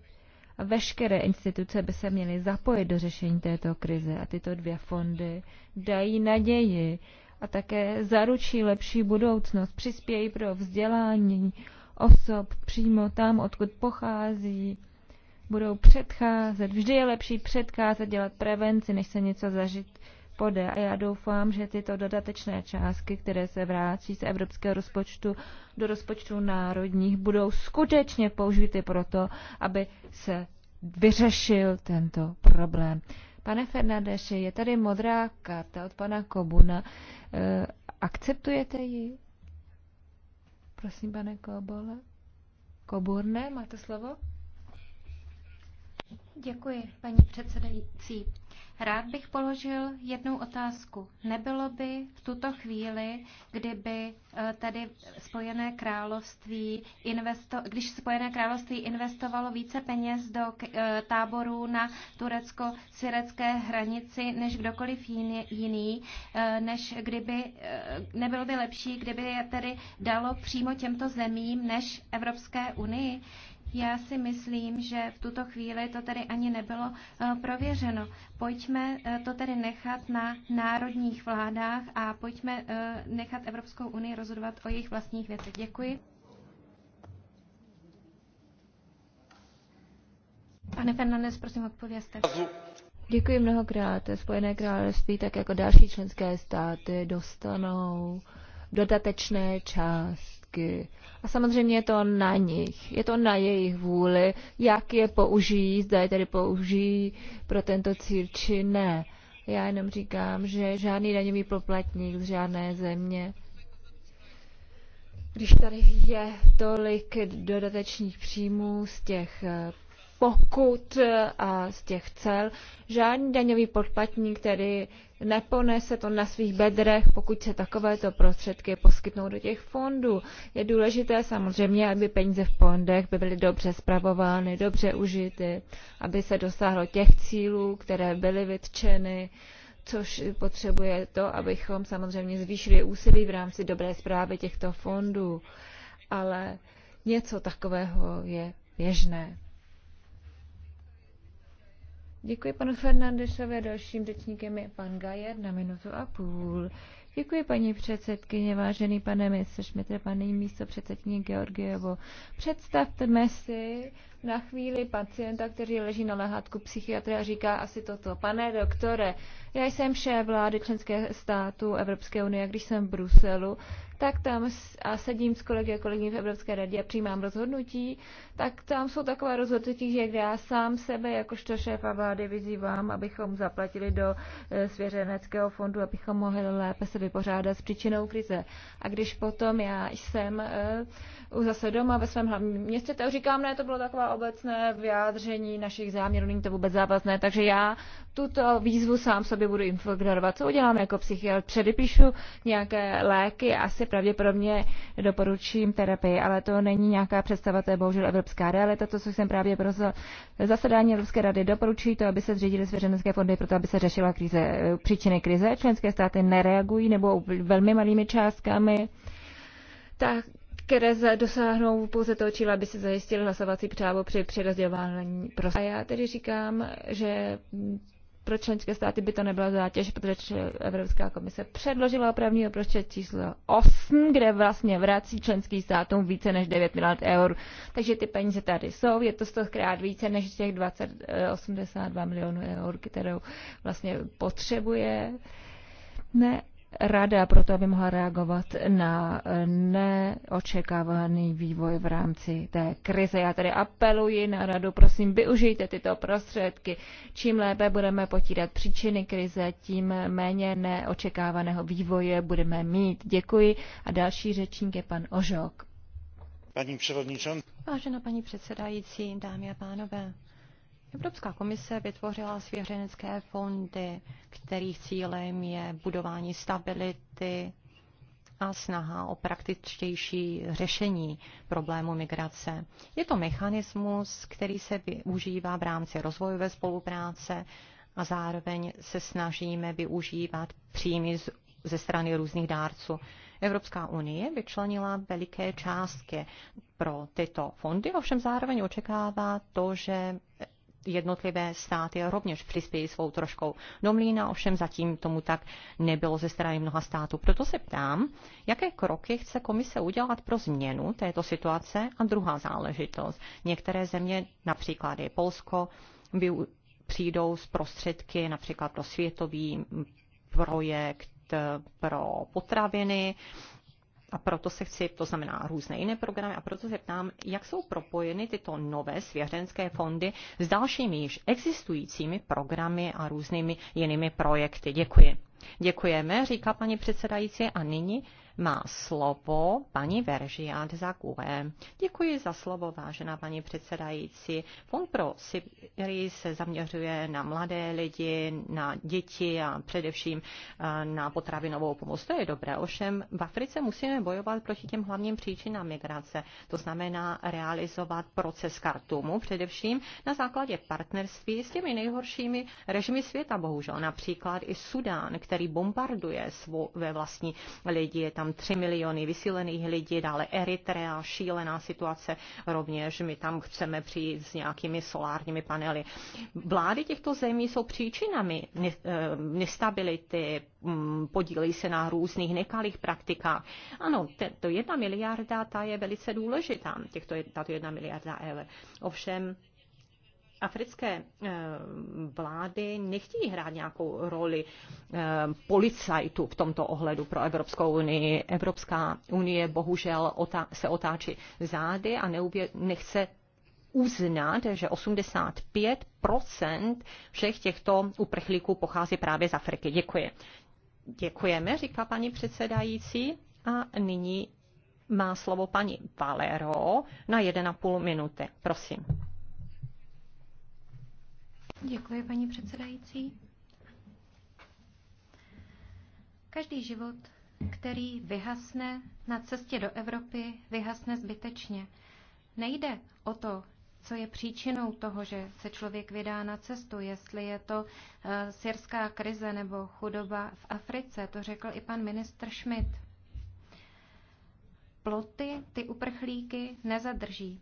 A veškeré instituce by se měly zapojit do řešení této krize. A tyto dvě fondy dají naději, a také zaručí lepší budoucnost, přispějí pro vzdělání osob přímo tam, odkud pochází, budou předcházet. Vždy je lepší předcházet, dělat prevenci, než se něco zažít pode. A já doufám, že tyto dodatečné částky, které se vrátí z evropského rozpočtu do rozpočtu národních, budou skutečně použity proto, aby se vyřešil tento problém. Pane Fernandeši, je tady modrá karta od pana Kobuna. E, akceptujete ji? Prosím, pane Kobole. Koburne, máte slovo? Děkuji, paní předsedající. Rád bych položil jednu otázku. Nebylo by v tuto chvíli, kdyby eh, tady Spojené království investo, když Spojené království investovalo více peněz do eh, táborů na turecko-syrecké hranici než kdokoliv jiný, eh, než kdyby, nebylo by lepší, kdyby je tedy dalo přímo těmto zemím než Evropské unii? Já si myslím, že v tuto chvíli to tedy ani nebylo eh, prověřeno. Pojďme eh, to tedy nechat na národních vládách a pojďme eh, nechat Evropskou unii rozhodovat o jejich vlastních věcech. Děkuji. Pane Fernandez, prosím, odpovězte. Děkuji mnohokrát. Spojené království, tak jako další členské státy, dostanou dodatečné část prostředky. A samozřejmě je to na nich, je to na jejich vůli, jak je použijí, zda je tedy použijí pro tento cíl či ne. Já jenom říkám, že žádný daňový poplatník z žádné země když tady je tolik dodatečných příjmů z těch eh, pokut eh, a z těch cel, žádný daňový poplatník tedy neponese to na svých bedrech, pokud se takovéto prostředky poskytnou do těch fondů. Je důležité samozřejmě, aby peníze v fondech by byly dobře zpravovány, dobře užity, aby se dosáhlo těch cílů, které byly vytčeny, což potřebuje to, abychom samozřejmě zvýšili úsilí v rámci dobré zprávy těchto fondů. Ale něco takového je běžné. Děkuji panu Fernandesovi a dalším řečníkem je pan Gajer na minutu a půl. Děkuji paní předsedkyně, vážený pane ministře Šmitre, paní místo předsedkyně Georgievo. Představte si, na chvíli pacienta, který leží na lehátku psychiatra a říká asi toto. Pane doktore, já jsem šéf vlády členské státu Evropské unie, když jsem v Bruselu, tak tam a sedím s kolegy a kolegy v Evropské radě a přijímám rozhodnutí, tak tam jsou takové rozhodnutí, že já sám sebe jakožto šéfa vlády vyzývám, abychom zaplatili do e, svěřeneckého fondu, abychom mohli lépe se vypořádat s příčinou krize. A když potom já jsem e, zase doma ve svém hlavním městě, tak říkám, ne, to bylo taková obecné vyjádření našich záměrů, není to vůbec závazné, takže já tuto výzvu sám sobě budu informovat, co udělám jako psychiatr. Předepíšu nějaké léky, asi pravděpodobně doporučím terapii, ale to není nějaká představa, to je bohužel evropská realita, to, co jsem právě pro zasedání Evropské rady doporučuji, to, aby se zřídili svěřenské fondy, proto aby se řešila krize, příčiny krize. Členské státy nereagují nebo velmi malými částkami. Tak které dosáhnou pouze toho čila, aby se zajistil hlasovací právo při přerozdělování prostě. A já tedy říkám, že pro členské státy by to nebyla zátěž, protože Evropská komise předložila opravní prostřed číslo 8, kde vlastně vrací členským státům více než 9 miliard eur. Takže ty peníze tady jsou, je to stokrát více než těch 20, 82 eh, milionů eur, kterou vlastně potřebuje. Ne, rada proto, aby mohla reagovat na eh, neočekávaný vývoj v rámci té krize. Já tedy apeluji na radu, prosím, využijte tyto prostředky. Čím lépe budeme potírat příčiny krize, tím méně neočekávaného vývoje budeme mít. Děkuji a další řečník je pan Ožok. Paní vážená paní předsedající, dámy a pánové, Evropská komise vytvořila svěřenecké fondy, kterých cílem je budování stability a snaha o praktičtější řešení problému migrace. Je to mechanismus, který se využívá v rámci rozvojové spolupráce a zároveň se snažíme využívat příjmy ze strany různých dárců. Evropská unie vyčlenila veliké částky pro tyto fondy, ovšem zároveň očekává to, že jednotlivé státy rovněž přispějí svou troškou do no, mlína, ovšem zatím tomu tak nebylo ze strany mnoha států. Proto se ptám, jaké kroky chce komise udělat pro změnu této situace a druhá záležitost. Některé země, například je Polsko, by přijdou z prostředky například pro světový projekt eh, pro potraviny, a proto se chci, to znamená různé jiné programy, a proto se ptám, jak jsou propojeny tyto nové svěřenské fondy s dalšími již existujícími programy a různými jinými projekty. Děkuji. Děkujeme, říká paní předsedající, a nyní má slovo paní Veržiant za QE. Děkuji za slovo, vážená paní předsedající. Fond pro Syrii se zaměřuje na mladé lidi, na děti a především eh, na potravinovou pomoc. To je dobré, ovšem v Africe musíme bojovat proti těm hlavním příčinám migrace. To znamená realizovat proces kartumu, především na základě partnerství s těmi nejhoršími režimy světa, bohužel. Například i Sudán, který bombarduje své vlastní lidi. Je tam tam 3 miliony vysílených lidí, dále Eritrea, šílená situace rovněž, my tam chceme přijít s nějakými solárními panely. Vlády těchto zemí jsou příčinami eh, nestability, mm, podílejí se na různých nekalých praktikách. Ano, to jedna miliarda, ta je velice důležitá, těchto, tato jedna miliarda eur. Ovšem, africké eh, vlády nechtějí hrát nějakou roli eh, policajtu v tomto ohledu pro Evropskou unii. Evropská unie bohužel se otáčí zády a neuvě- nechce uznat, že 85 všech těchto uprchlíků pochází právě z Afriky. Děkuji. Děkujeme, říká paní předsedající. A nyní má slovo paní Valero na 1,5 minuty. Prosím. Děkuji, paní předsedající. Každý život, který vyhasne na cestě do Evropy, vyhasne zbytečně. Nejde o to, co je příčinou toho, že se člověk vydá na cestu, jestli je to eh, syrská krize nebo chudoba v Africe, to řekl i pan ministr Schmidt. Ploty ty uprchlíky nezadrží.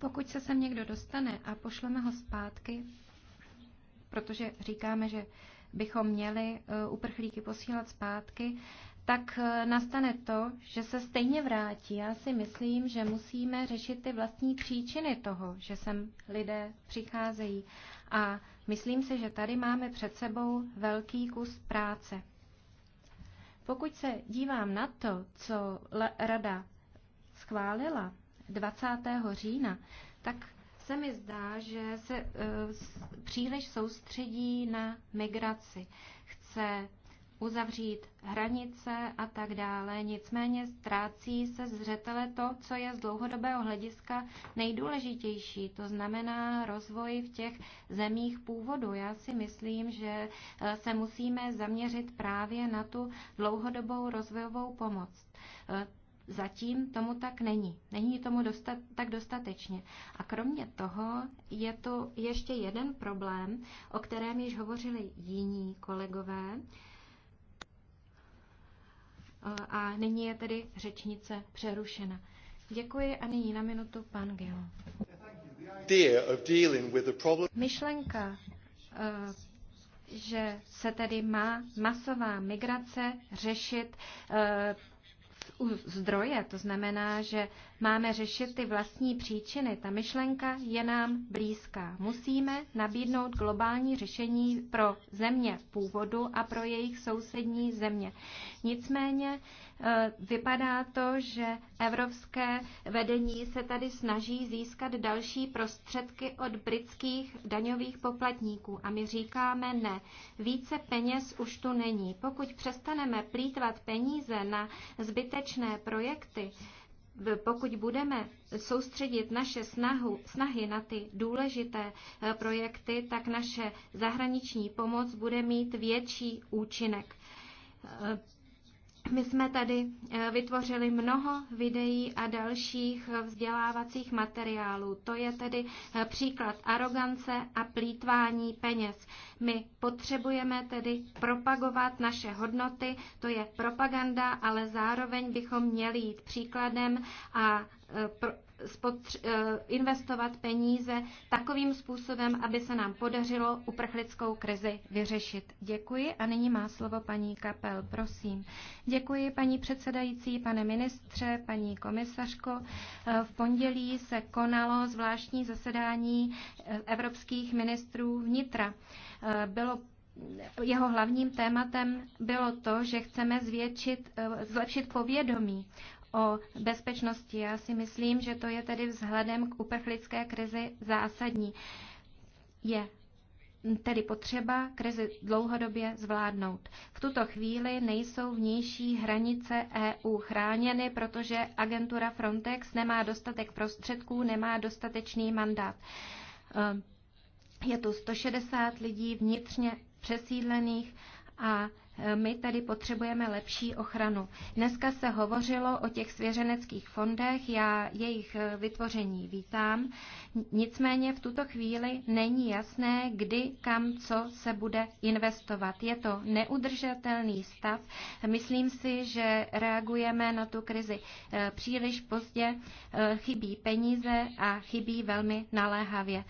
Pokud se sem někdo dostane a pošleme ho zpátky, protože říkáme, že bychom měli eh, uprchlíky posílat zpátky, tak eh, nastane to, že se stejně vrátí. Já si myslím, že musíme řešit ty vlastní příčiny toho, že sem lidé přicházejí. A myslím si, že tady máme před sebou velký kus práce. Pokud se dívám na to, co Rada schválila, 20. října, tak se mi zdá, že se e, příliš soustředí na migraci. Chce uzavřít hranice a tak dále. Nicméně ztrácí se zřetele to, co je z dlouhodobého hlediska nejdůležitější, to znamená rozvoj v těch zemích původu. Já si myslím, že e, se musíme zaměřit právě na tu dlouhodobou rozvojovou pomoc. E, Zatím tomu tak není. Není tomu dostat, tak dostatečně. A kromě toho je tu ještě jeden problém, o kterém již hovořili jiní kolegové. A nyní je tedy řečnice přerušena. Děkuji a nyní na minutu pan Gil. Myšlenka, eh, že se tedy má masová migrace řešit eh, u zdroje. To znamená, že máme řešit ty vlastní příčiny. Ta myšlenka je nám blízká. Musíme nabídnout globální řešení pro země původu a pro jejich sousední země. Nicméně Eh, vypadá to, že evropské vedení se tady snaží získat další prostředky od britských daňových poplatníků a my říkáme ne. Více peněz už tu není. Pokud přestaneme plítvat peníze na zbytečné projekty, eh, pokud budeme soustředit naše snahu, snahy na ty důležité eh, projekty, tak naše zahraniční pomoc bude mít větší účinek. My jsme tady eh, vytvořili mnoho videí a dalších eh, vzdělávacích materiálů. To je tedy eh, příklad arogance a plítvání peněz. My potřebujeme tedy propagovat naše hodnoty, to je propaganda, ale zároveň bychom měli jít příkladem a Eh, investovat peníze takovým způsobem, aby se nám podařilo uprchlickou krizi vyřešit. Děkuji a nyní má slovo paní Kapel, prosím. Děkuji paní předsedající, pane ministře, paní komisařko. Eh, v pondělí se konalo zvláštní zasedání eh, evropských ministrů vnitra. Bylo jeho hlavním tématem bylo to, že chceme zvětšit, zlepšit povědomí o bezpečnosti. Já si myslím, že to je tedy vzhledem k uprchlické krizi zásadní. Je tedy potřeba krizi dlouhodobě zvládnout. V tuto chvíli nejsou vnější hranice EU chráněny, protože agentura Frontex nemá dostatek prostředků, nemá dostatečný mandát. Ehm, je tu 160 lidí vnitřně přesídlených a my tady potřebujeme lepší ochranu. Dneska se hovořilo o těch svěřeneckých fondech, já jejich eh, vytvoření vítám, nicméně v tuto chvíli není jasné, kdy, kam, co se bude investovat. Je to neudržatelný stav. Myslím si, že reagujeme na tu krizi eh, příliš pozdě, eh, chybí peníze a chybí velmi naléhavě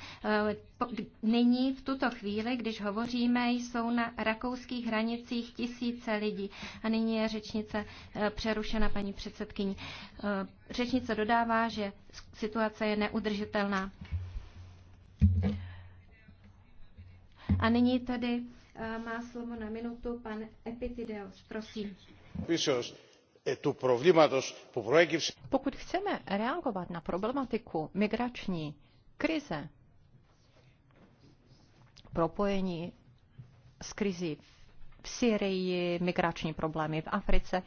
nyní v tuto chvíli, když hovoříme, jsou na rakouských hranicích tisíce lidí. A nyní je řečnice eh, přerušena paní předsedkyní. Eh, řečnice dodává, že situace je neudržitelná. A nyní tedy eh, má slovo na minutu pan Epitideos. Prosím. Pokud chceme reagovat na problematiku migrační krize, propojení s krizi v Syrii, migrační problémy v Africe,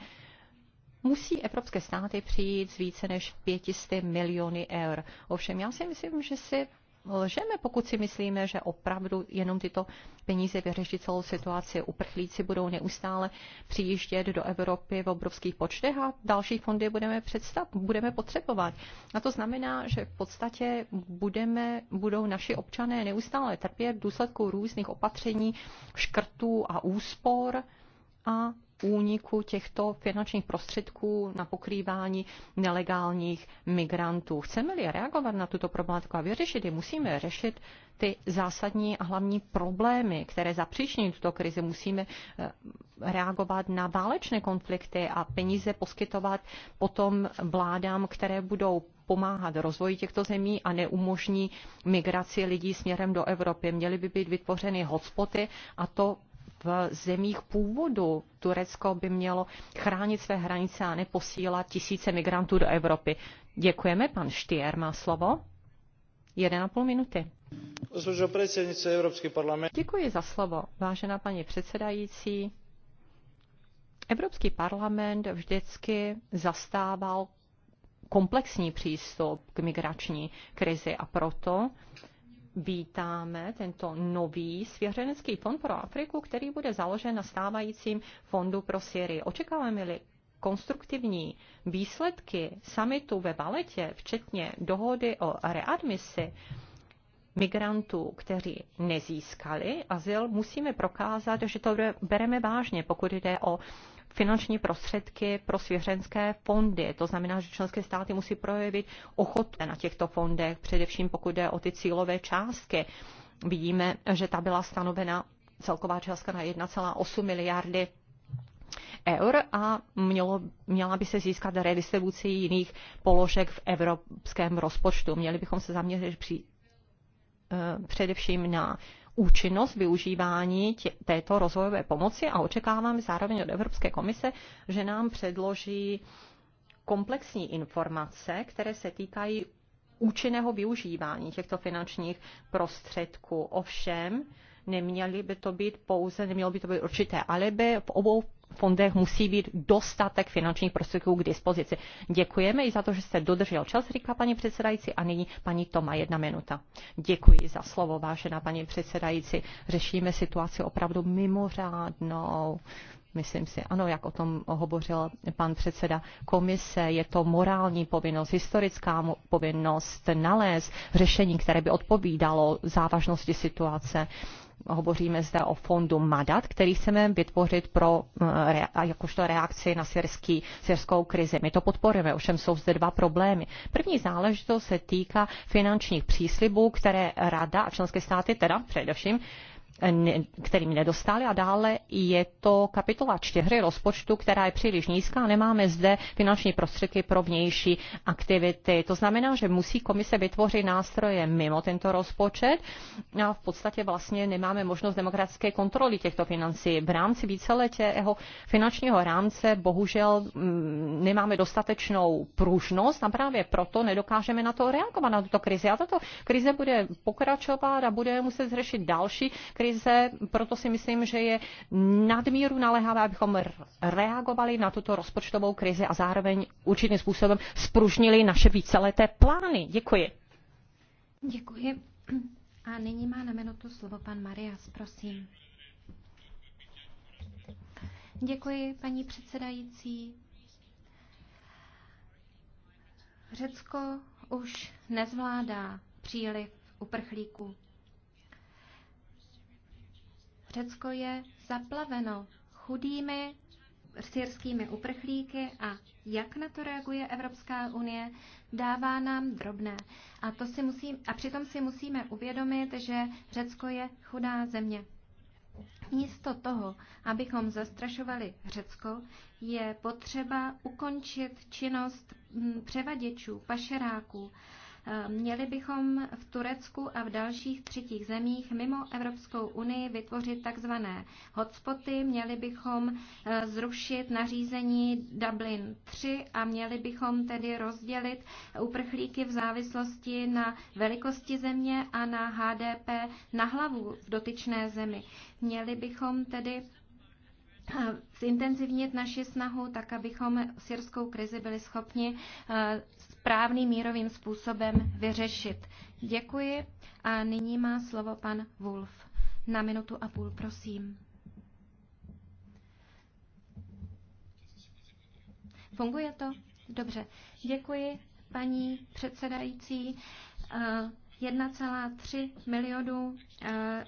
musí evropské státy přijít s více než 500 miliony eur. Ovšem já si myslím, že si lžeme, pokud si myslíme, že opravdu jenom tyto peníze vyřeší celou situaci. Uprchlíci budou neustále přijíždět do Evropy v obrovských počtech a další fondy budeme, představ, budeme potřebovat. A to znamená, že v podstatě budeme, budou naši občané neustále trpět v důsledku různých opatření, škrtů a úspor a úniku těchto finančních prostředků na pokrývání nelegálních migrantů. Chceme-li reagovat na tuto problematiku a vyřešit je, musíme řešit ty zásadní a hlavní problémy, které zapříčení tuto krizi. Musíme eh, reagovat na válečné konflikty a peníze poskytovat potom vládám, které budou pomáhat rozvoji těchto zemí a neumožní migraci lidí směrem do Evropy. Měly by být vytvořeny hotspoty a to v zemích původu. Turecko by mělo chránit své hranice a neposílat tisíce migrantů do Evropy. Děkujeme. Pan Štier má slovo. půl minuty. Děkuji za slovo, vážená paní předsedající. Evropský parlament vždycky zastával komplexní přístup k migrační krizi a proto vítáme tento nový svěřenecký fond pro Afriku, který bude založen na stávajícím fondu pro Syrii. Očekáváme-li konstruktivní výsledky samitu ve Valetě, včetně dohody o readmisi migrantů, kteří nezískali azyl, musíme prokázat, že to bereme vážně, pokud jde o finanční prostředky pro svěřenské fondy. To znamená, že členské státy musí projevit ochotu na těchto fondech, především pokud jde o ty cílové částky. Vidíme, že ta byla stanovena celková částka na 1,8 miliardy eur a mělo, měla by se získat redistribuci jiných položek v evropském rozpočtu. Měli bychom se zaměřit při, eh, především na účinnost využívání tě, této rozvojové pomoci a očekávám zároveň od Evropské komise, že nám předloží komplexní informace, které se týkají účinného využívání těchto finančních prostředků. Ovšem, neměly by to být pouze, nemělo by to být určité alibi. V obou fondech musí být dostatek finančních prostředků k dispozici. Děkujeme i za to, že jste dodržel čas, říká paní předsedající, a nyní paní Toma jedna minuta. Děkuji za slovo, vážená paní předsedající. Řešíme situaci opravdu mimořádnou. Myslím si, ano, jak o tom hovořil pan předseda komise, je to morální povinnost, historická povinnost nalézt řešení, které by odpovídalo závažnosti situace hovoříme zde o fondu Madat, který chceme vytvořit pro, eh, jakožto reakci na syrský, syrskou krizi. My to podporujeme, ovšem jsou zde dva problémy. První záležitost se týká finančních příslibů, které Rada a členské státy, teda především kterým nedostali. A dále je to kapitola čtyři rozpočtu, která je příliš nízká a nemáme zde finanční prostředky pro vnější aktivity. To znamená, že musí komise vytvořit nástroje mimo tento rozpočet a v podstatě vlastně nemáme možnost demokratické kontroly těchto financí. V rámci víceletého finančního rámce bohužel mm, nemáme dostatečnou pružnost a právě proto nedokážeme na to reagovat, na tuto krizi. A tato krize bude pokračovat a bude muset zřešit další krize krize, proto si myslím, že je nadmíru naléhavé, abychom reagovali na tuto rozpočtovou krizi a zároveň určitým způsobem spružnili naše víceleté plány. Děkuji. Děkuji. A nyní má na minutu slovo pan Marias, prosím. Děkuji, paní předsedající. Řecko už nezvládá příliv uprchlíků. Řecko je zaplaveno chudými syrskými uprchlíky a jak na to reaguje Evropská unie, dává nám drobné. A, to si musím, a přitom si musíme uvědomit, že Řecko je chudá země. Místo toho, abychom zastrašovali Řecko, je potřeba ukončit činnost mm, převaděčů, pašeráků Eh, měli bychom v Turecku a v dalších třetích zemích mimo Evropskou unii vytvořit takzvané hotspoty, měli bychom eh, zrušit nařízení Dublin 3 a měli bychom tedy rozdělit uprchlíky v závislosti na velikosti země a na HDP na hlavu v dotyčné zemi. Měli bychom tedy eh, zintenzivnit naši snahu, tak abychom syrskou krizi byli schopni správným mírovým způsobem vyřešit. Děkuji a nyní má slovo pan Wolf. Na minutu a půl, prosím. Funguje to? Dobře. Děkuji, paní předsedající. 1,3 eh, milionu eh,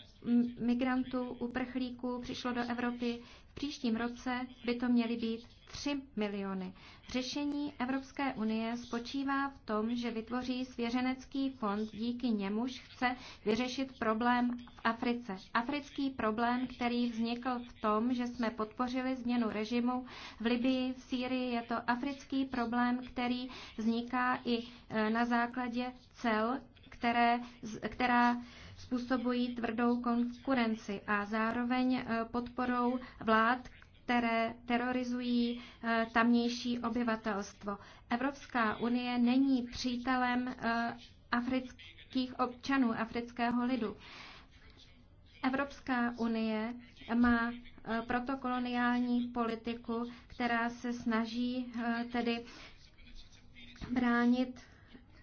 migrantů, uprchlíků přišlo do Evropy. V příštím roce by to měly být 3 miliony. Řešení Evropské unie spočívá v tom, že vytvoří svěřenecký fond, díky němuž chce vyřešit problém v Africe. Africký problém, který vznikl v tom, že jsme podpořili změnu režimu v Libii, v Sýrii. Je to africký problém, který vzniká i e, na základě cel, které, která způsobují tvrdou konkurenci a zároveň e, podporou vlád, které terorizují eh, tamnější obyvatelstvo. Evropská unie není přítelem eh, afrických občanů, afrického lidu. Evropská unie má eh, protokoloniální politiku, která se snaží tedy bránit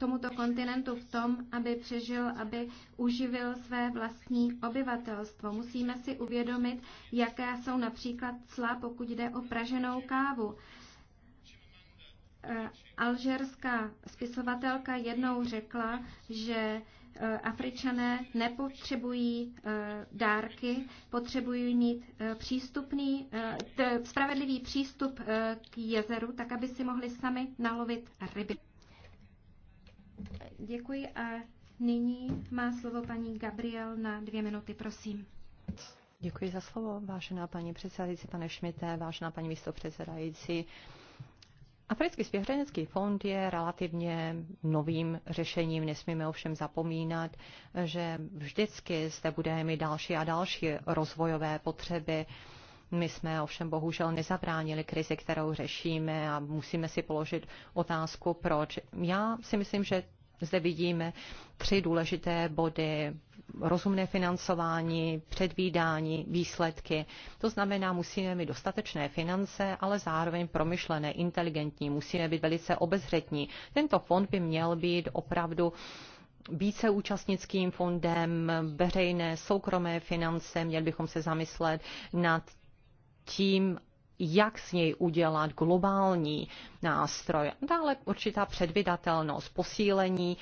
tomuto kontinentu v tom, aby přežil, aby uživil své vlastní obyvatelstvo. Musíme si uvědomit, jaké jsou například cla, pokud jde o praženou kávu. Eh, alžerská spisovatelka jednou řekla, že eh, Afričané nepotřebují eh, dárky, potřebují mít přístupný, spravedlivý přístup k jezeru, tak aby si mohli sami nalovit ryby. Děkuji a nyní má slovo paní Gabriel na dvě minuty, prosím. Děkuji za slovo, vážená paní předsedající, pane Šmité, vážená paní místopředsedající. Africký spěhřenecký fond je relativně novým řešením, nesmíme ovšem zapomínat, že vždycky zde budeme mít další a další rozvojové potřeby my jsme ovšem bohužel nezabránili krizi, kterou řešíme a musíme si položit otázku, proč. Já si myslím, že zde vidíme tři důležité body. Rozumné financování, předvídání, výsledky. To znamená, musíme mít dostatečné finance, ale zároveň promyšlené, inteligentní. Musíme být velice obezřetní. Tento fond by měl být opravdu více účastnickým fondem, veřejné, soukromé finance, měli bychom se zamyslet nad tím, jak z něj udělat globální nástroj. Dále určitá předvydatelnost, posílení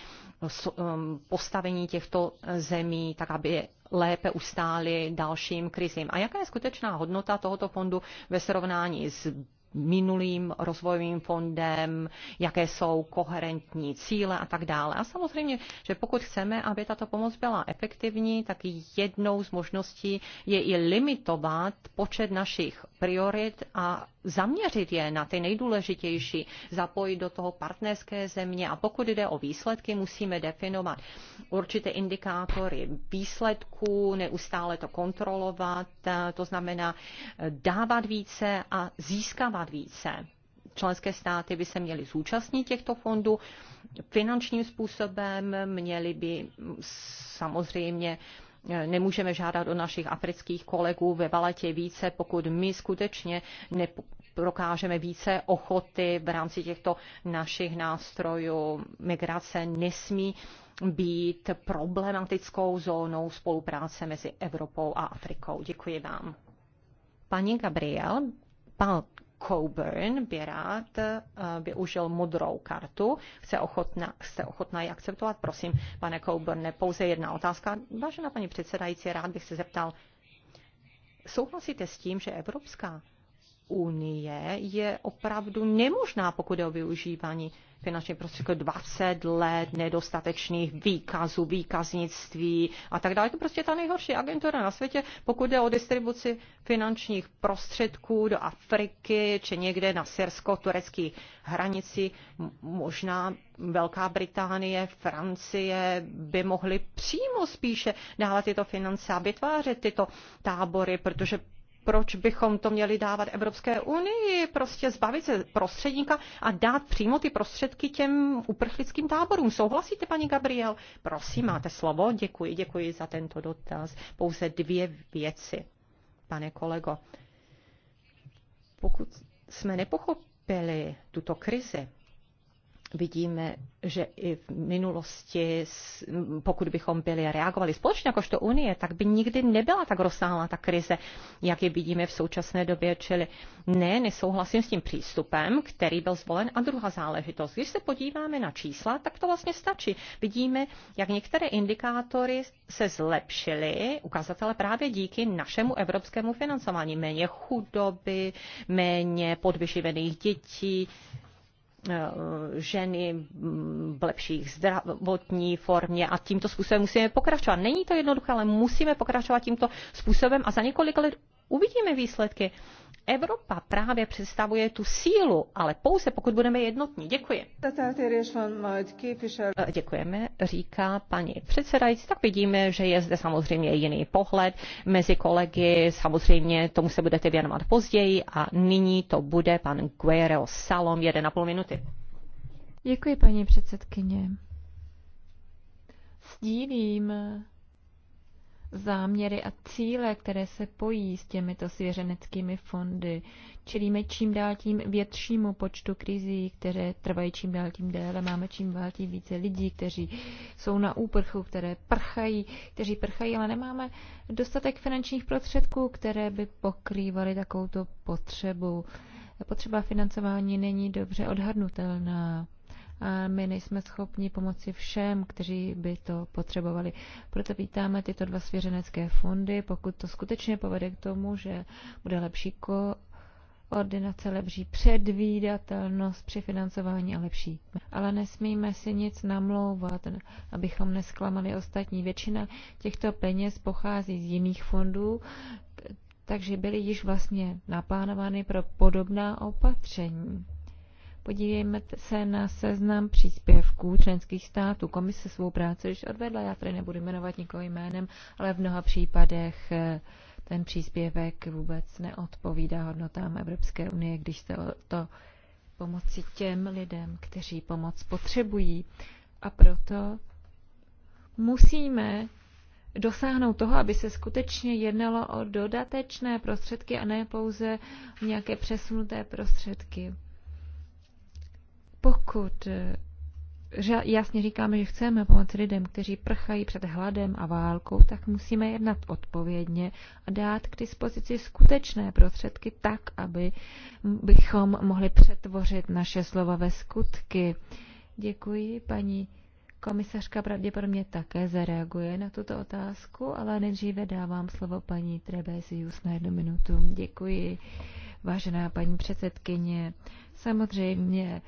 um, postavení těchto zemí, tak aby lépe ustály dalším krizím. A jaká je skutečná hodnota tohoto fondu ve srovnání s minulým rozvojovým fondem, jaké jsou koherentní cíle a tak dále. A samozřejmě, že pokud chceme, aby tato pomoc byla efektivní, tak jednou z možností je i limitovat počet našich priorit a zaměřit je na ty nejdůležitější, zapojit do toho partnerské země a pokud jde o výsledky, musíme definovat určité indikátory výsledků, neustále to kontrolovat, eh, to znamená eh, dávat více a získávat více. Členské státy by se měly zúčastnit těchto fondů finančním způsobem, měly by mm, samozřejmě nemůžeme žádat od našich afrických kolegů ve Valetě více, pokud my skutečně prokážeme více ochoty v rámci těchto našich nástrojů. Migrace nesmí být problematickou zónou spolupráce mezi Evropou a Afrikou. Děkuji vám. Paní Gabriel, pan Coburn by rád eh, využil modrou kartu. Chce ochotna, jste ochotná ji akceptovat? Prosím, pane Coburn, pouze jedna otázka. Vážená paní předsedající, rád bych se zeptal, souhlasíte s tím, že Evropská unie je opravdu nemožná, pokud je o využívání finančních prostředků 20 let nedostatečných výkazů, výkaznictví a tak dále. To prostě ta nejhorší agentura na světě, pokud jde o distribuci finančních prostředků do Afriky či někde na syrsko-turecký hranici. Možná Velká Británie, Francie by mohly přímo spíše dávat tyto finance a vytvářet tyto tábory, protože proč bychom to měli dávat Evropské unii, prostě zbavit se prostředníka a dát přímo ty prostředky těm uprchlickým táborům. Souhlasíte, paní Gabriel? Prosím, máte slovo. Děkuji, děkuji za tento dotaz. Pouze dvě věci, pane kolego. Pokud jsme nepochopili tuto krizi, vidíme, že i v minulosti, pokud bychom byli reagovali společně jakožto Unie, tak by nikdy nebyla tak rozsáhlá ta krize, jak ji vidíme v současné době. Čili ne, nesouhlasím s tím přístupem, který byl zvolen. A druhá záležitost, když se podíváme na čísla, tak to vlastně stačí. Vidíme, jak některé indikátory se zlepšily, ukazatele právě díky našemu evropskému financování. Méně chudoby, méně podvyživených dětí, Eh, ženy v lepších zdravotní formě a tímto způsobem musíme pokračovat. Není to jednoduché, ale musíme pokračovat tímto způsobem a za několik let uvidíme výsledky. Evropa právě představuje tu sílu, ale pouze pokud budeme jednotní. Děkuji. Eh, děkujeme, říká paní předsedající. Tak vidíme, že je zde samozřejmě jiný pohled mezi kolegy. Samozřejmě tomu se budete věnovat později a nyní to bude pan Guerrero Salom, 1,5 minuty. Děkuji, paní předsedkyně. Sdílím záměry a cíle, které se pojí s těmito svěřeneckými fondy. Čelíme čím dál tím většímu počtu krizí, které trvají čím dál tím déle. Máme čím dál tím více lidí, kteří jsou na úprchu, které prchají, kteří prchají, ale nemáme dostatek finančních prostředků, které by pokrývaly takovouto potřebu. Potřeba financování není dobře odhadnutelná a my nejsme schopni pomoci všem, kteří by to potřebovali. Proto vítáme tyto dva svěřenecké fondy, pokud to skutečně povede k tomu, že bude lepší koordinace, lepší předvídatelnost při financování a lepší. Ale nesmíme si nic namlouvat, abychom nesklamali ostatní. Většina těchto peněz pochází z jiných fondů, takže byly již vlastně naplánovány pro podobná opatření. Podívejme se na seznam příspěvků členských států. Komise svou práci již odvedla, já tady nebudu jmenovat nikoho jménem, ale v mnoha případech eh, ten příspěvek vůbec neodpovídá hodnotám Evropské unie, když se o to pomoci těm lidem, kteří pomoc potřebují. A proto musíme dosáhnout toho, aby se skutečně jednalo o dodatečné prostředky a ne pouze nějaké přesunuté prostředky. Pokud eh, jasně říkáme, že chceme pomoci lidem, kteří prchají před hladem a válkou, tak musíme jednat odpovědně a dát k dispozici skutečné prostředky tak, aby bychom mohli přetvořit naše slova ve skutky. Děkuji, paní komisařka pravděpodobně také zareaguje na tuto otázku, ale nejdříve dávám slovo paní Trebesius na jednu minutu. Děkuji, vážená paní předsedkyně. Samozřejmě,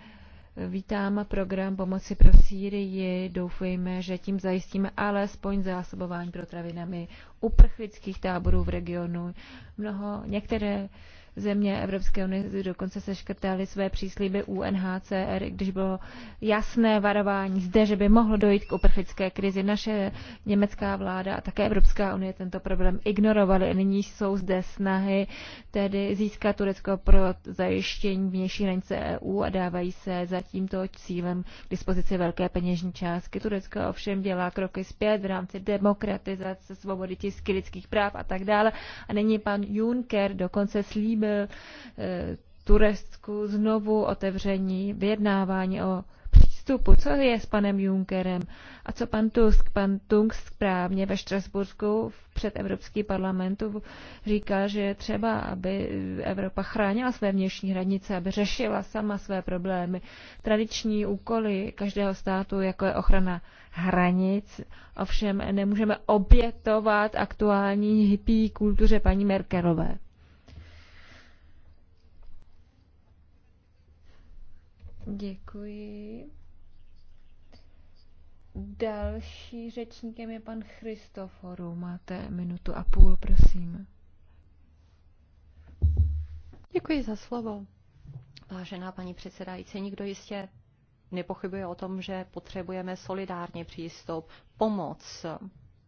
Vítám program pomoci pro Sýrii. Doufejme, že tím zajistíme alespoň zásobování protravinami uprchlických táborů v regionu. Mnoho, některé země Evropské unie dokonce seškrtaly své přísliby UNHCR, když bylo jasné varování zde, že by mohlo dojít k uprchlické krizi. Naše německá vláda a také Evropská unie tento problém ignorovaly. Nyní jsou zde snahy tedy získat Turecko pro zajištění vnější hranice EU a dávají se za tímto cílem k dispozici velké peněžní částky. Turecko ovšem dělá kroky zpět v rámci demokratizace, svobody tisky, lidských práv a tak dále. A nyní pan Juncker dokonce slíbí slíbil e, Turecku znovu otevření vyjednávání o přístupu. Co je s panem Junckerem a co pan Tusk? Pan Tusk správně ve Štrasburku před Evropský parlamentu říká, že je třeba, aby Evropa chránila své vnější hranice, aby řešila sama své problémy. Tradiční úkoly každého státu, jako je ochrana hranic, ovšem nemůžeme obětovat aktuální hippie kultuře paní Merkelové. Děkuji. Další řečníkem je pan Christoforu. Máte minutu a půl, prosím. Děkuji za slovo. Vážená paní předsedající, nikdo jistě nepochybuje o tom, že potřebujeme solidárně přístup, pomoc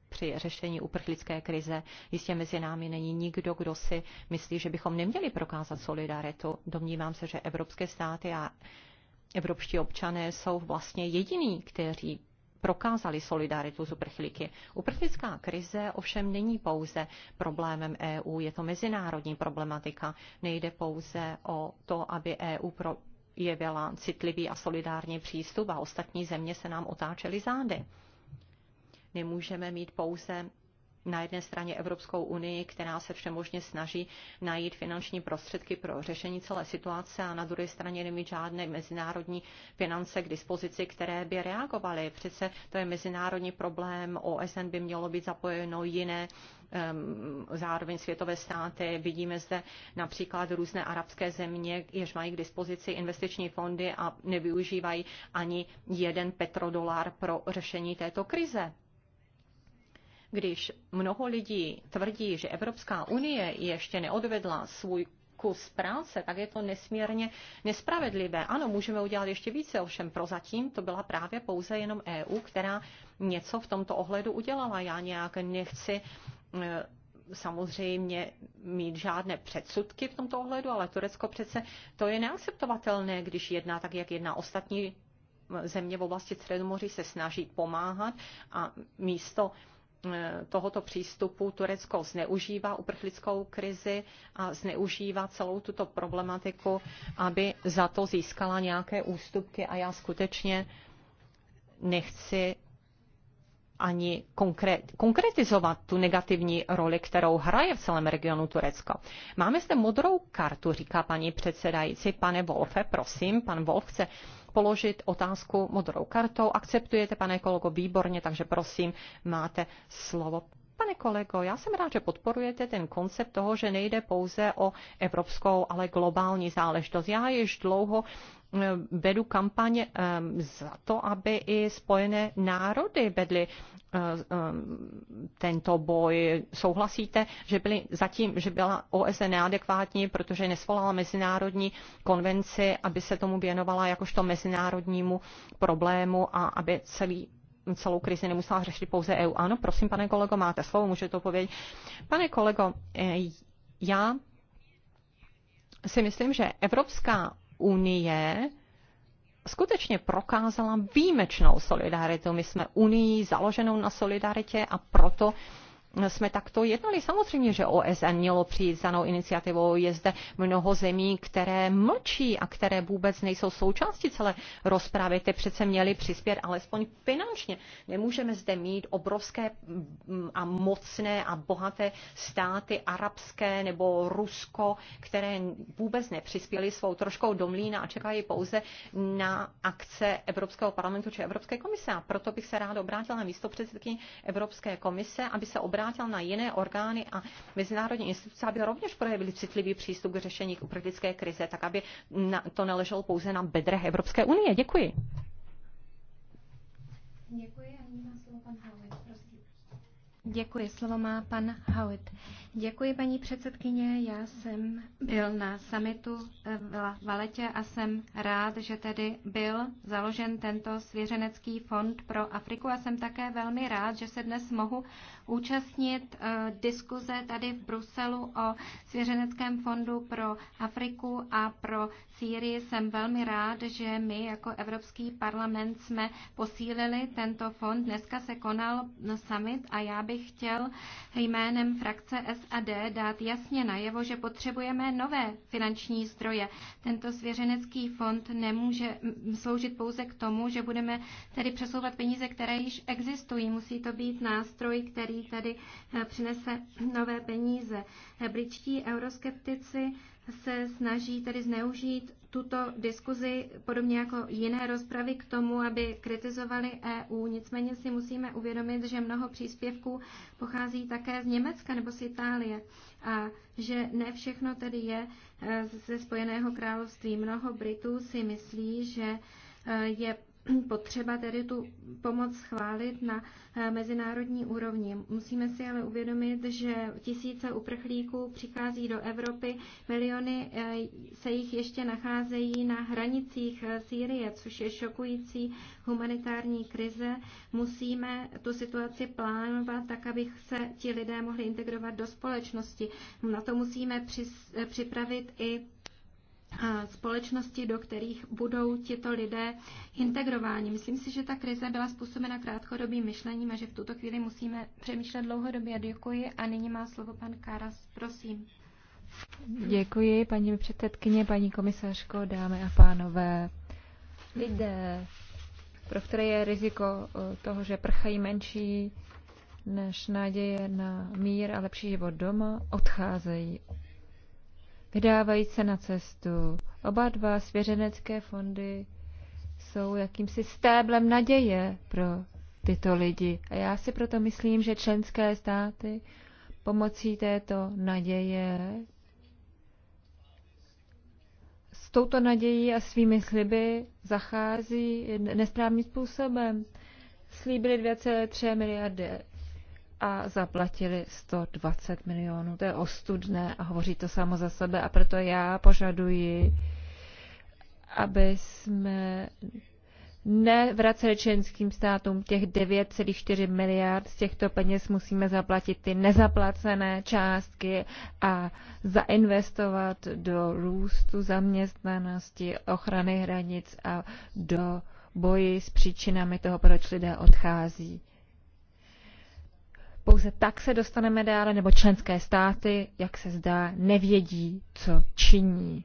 při řešení uprchlické krize. Jistě mezi námi není nikdo, kdo si myslí, že bychom neměli prokázat solidaritu. Domnívám se, že evropské státy a evropští občané jsou vlastně jediní, kteří prokázali solidaritu s uprchlíky. Uprchlická krize ovšem není pouze problémem EU, je to mezinárodní problematika. Nejde pouze o to, aby EU pro jevila citlivý a solidární přístup a ostatní země se nám otáčely zády. Nemůžeme mít pouze na jedné straně Evropskou unii, která se všemožně snaží najít finanční prostředky pro řešení celé situace a na druhé straně nemí žádné mezinárodní finance k dispozici, které by reagovaly. Přece to je mezinárodní problém, OSN by mělo být zapojeno jiné zároveň světové státy. Vidíme zde například různé arabské země, jež mají k dispozici investiční fondy a nevyužívají ani jeden petrodolar pro řešení této krize když mnoho lidí tvrdí, že Evropská unie ještě neodvedla svůj kus práce, tak je to nesmírně nespravedlivé. Ano, můžeme udělat ještě více, ovšem prozatím to byla právě pouze jenom EU, která něco v tomto ohledu udělala. Já nějak nechci e, samozřejmě mít žádné předsudky v tomto ohledu, ale Turecko přece to je neakceptovatelné, když jedná tak, jak jedná ostatní země v oblasti Středomoří se snaží pomáhat a místo uh, Eh, tohoto přístupu Turecko zneužívá uprchlickou krizi a zneužívá celou tuto problematiku, aby za to získala nějaké ústupky a já skutečně nechci ani konkretizovat tu negativní roli, kterou hraje v celém regionu Turecko. Máme zde modrou kartu, říká paní předsedající. Pane Wolfe, prosím, pan Wolf chce položit otázku modrou kartou. Akceptujete, pane kolego, výborně, takže prosím, máte slovo. Pane kolego, já jsem rád, že podporujete ten koncept toho, že nejde pouze o evropskou, ale globální záležitost. Já již dlouho eh, vedu kampaně eh, za to, aby i Spojené národy vedly eh, tento boj. Souhlasíte, že byly zatím, že byla OSN neadekvátní, protože nesvolala mezinárodní konvenci, aby se tomu věnovala jakožto mezinárodnímu problému a aby celý celou krizi nemusela řešit pouze EU. Ano, prosím, pane kolego, máte slovo, můžete to povědět. Pane kolego, eh, já si myslím, že Evropská unie skutečně prokázala výjimečnou solidaritu. My jsme unii založenou na solidaritě a proto uh, jsme takto jednali. Samozřejmě, že OSN mělo přijít s danou iniciativou. Je zde mnoho zemí, které mlčí a které vůbec nejsou součástí celé rozpravy. Ty přece měly přispět alespoň finančně. Nemůžeme zde mít obrovské mm, a mocné a bohaté státy arabské nebo Rusko, které vůbec nepřispěly svou troškou do mlína a čekají pouze na akce Evropského parlamentu či Evropské komise. A proto bych se rád obrátil na místo předsedkyni Evropské komise, aby se obrátila obrátil na jiné orgány a mezinárodní instituce, aby rovněž projevili citlivý přístup k řešení uprchlické krize, tak aby na, to neleželo pouze na bedrech Evropské unie. Děkuji. Děkuji Děkuji, slovo má pan Howitt. Děkuji, paní předsedkyně. Já jsem byl na summitu v Valetě a jsem rád, že tedy byl založen tento svěřenecký fond pro Afriku a jsem také velmi rád, že se dnes mohu účastnit eh, diskuze tady v Bruselu o svěřeneckém fondu pro Afriku a pro Sýrii. Jsem velmi rád, že my jako Evropský parlament jsme posílili tento fond. Dneska se konal summit a já bych chtěl jménem frakce S D dát jasně najevo, že potřebujeme nové finanční zdroje. Tento svěřenecký fond nemůže sloužit pouze k tomu, že budeme tedy přesouvat peníze, které již existují. Musí to být nástroj, který tedy eh, přinese nové peníze. Eh, britští euroskeptici se snaží tedy zneužít tuto diskuzi, podobně jako jiné rozpravy, k tomu, aby kritizovali EU. Nicméně si musíme uvědomit, že mnoho příspěvků pochází také z Německa nebo z Itálie a že ne všechno tedy je eh, ze Spojeného království. Mnoho Britů si myslí, že eh, je potřeba tedy tu pomoc schválit na eh, mezinárodní úrovni. Musíme si ale uvědomit, že tisíce uprchlíků přichází do Evropy, miliony eh, se jich ještě nacházejí na hranicích eh, Sýrie, což je šokující humanitární krize. Musíme tu situaci plánovat tak, aby se ti lidé mohli integrovat do společnosti. Na to musíme připravit i společnosti, do kterých budou tito lidé integrováni. Myslím si, že ta krize byla způsobena krátkodobým myšlením a že v tuto chvíli musíme přemýšlet dlouhodobě. Děkuji a nyní má slovo pan Karas. Prosím. Děkuji, paní předsedkyně, paní komisařko, dámy a pánové. Lidé, pro které je riziko eh, toho, že prchají menší než naděje na mír a lepší život doma, odcházejí vydávají se na cestu. Oba dva svěřenecké fondy jsou jakýmsi stéblem naděje pro tyto lidi. A já si proto myslím, že členské státy pomocí této naděje s touto nadějí a svými sliby zachází nesprávným způsobem. Slíbili 2,3 miliardy a zaplatili 120 milionů. To je ostudné a hovoří to samo za sebe a proto já požaduji, aby jsme nevraceli členským státům těch 9,4 miliard. Z těchto peněz musíme zaplatit ty nezaplacené částky a zainvestovat do růstu zaměstnanosti, ochrany hranic a do boji s příčinami toho, proč lidé odchází. Pouze tak se dostaneme dále, nebo členské státy, jak se zdá, nevědí, co činí.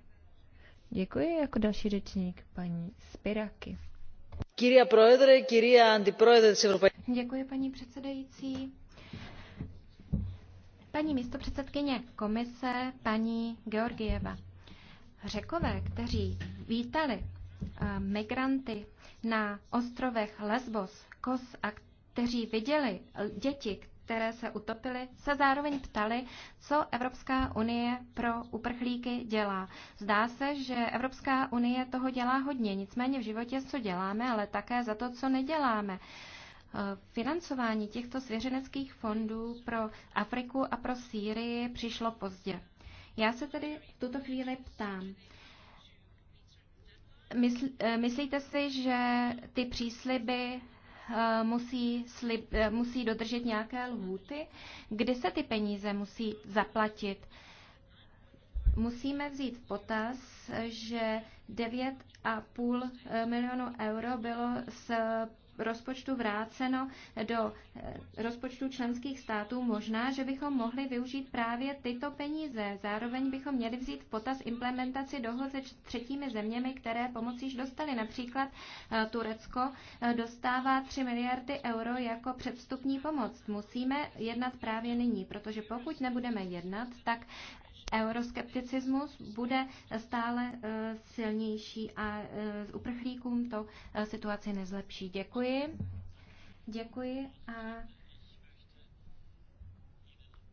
Děkuji jako další řečník paní Spiraky. Děkuji paní předsedající. Paní místopředsedkyně komise, paní Georgieva. Řekové, kteří vítali eh, migranty na ostrovech Lesbos, Kos a kteří viděli eh, děti, které se utopily, se zároveň ptali, co Evropská unie pro uprchlíky dělá. Zdá se, že Evropská unie toho dělá hodně, nicméně v životě co děláme, ale také za to, co neděláme. Eh, financování těchto svěřeneckých fondů pro Afriku a pro Sýrii přišlo pozdě. Já se tedy v tuto chvíli ptám, eh, Myslíte si, že ty přísliby Eh, musí, slib, eh, musí dodržet nějaké lhůty, kdy se ty peníze musí zaplatit. Musíme vzít v potaz, že 9,5 eh, milionu euro bylo z rozpočtu vráceno do eh, rozpočtu členských států, možná, že bychom mohli využít právě tyto peníze. Zároveň bychom měli vzít v potaz implementaci dohod se třetími zeměmi, které pomoc již dostali. Například eh, Turecko eh, dostává 3 miliardy euro jako předstupní pomoc. Musíme jednat právě nyní, protože pokud nebudeme jednat, tak Euroskepticismus bude stále eh, silnější a eh, uprchlíkům to eh, situaci nezlepší. Děkuji. Děkuji a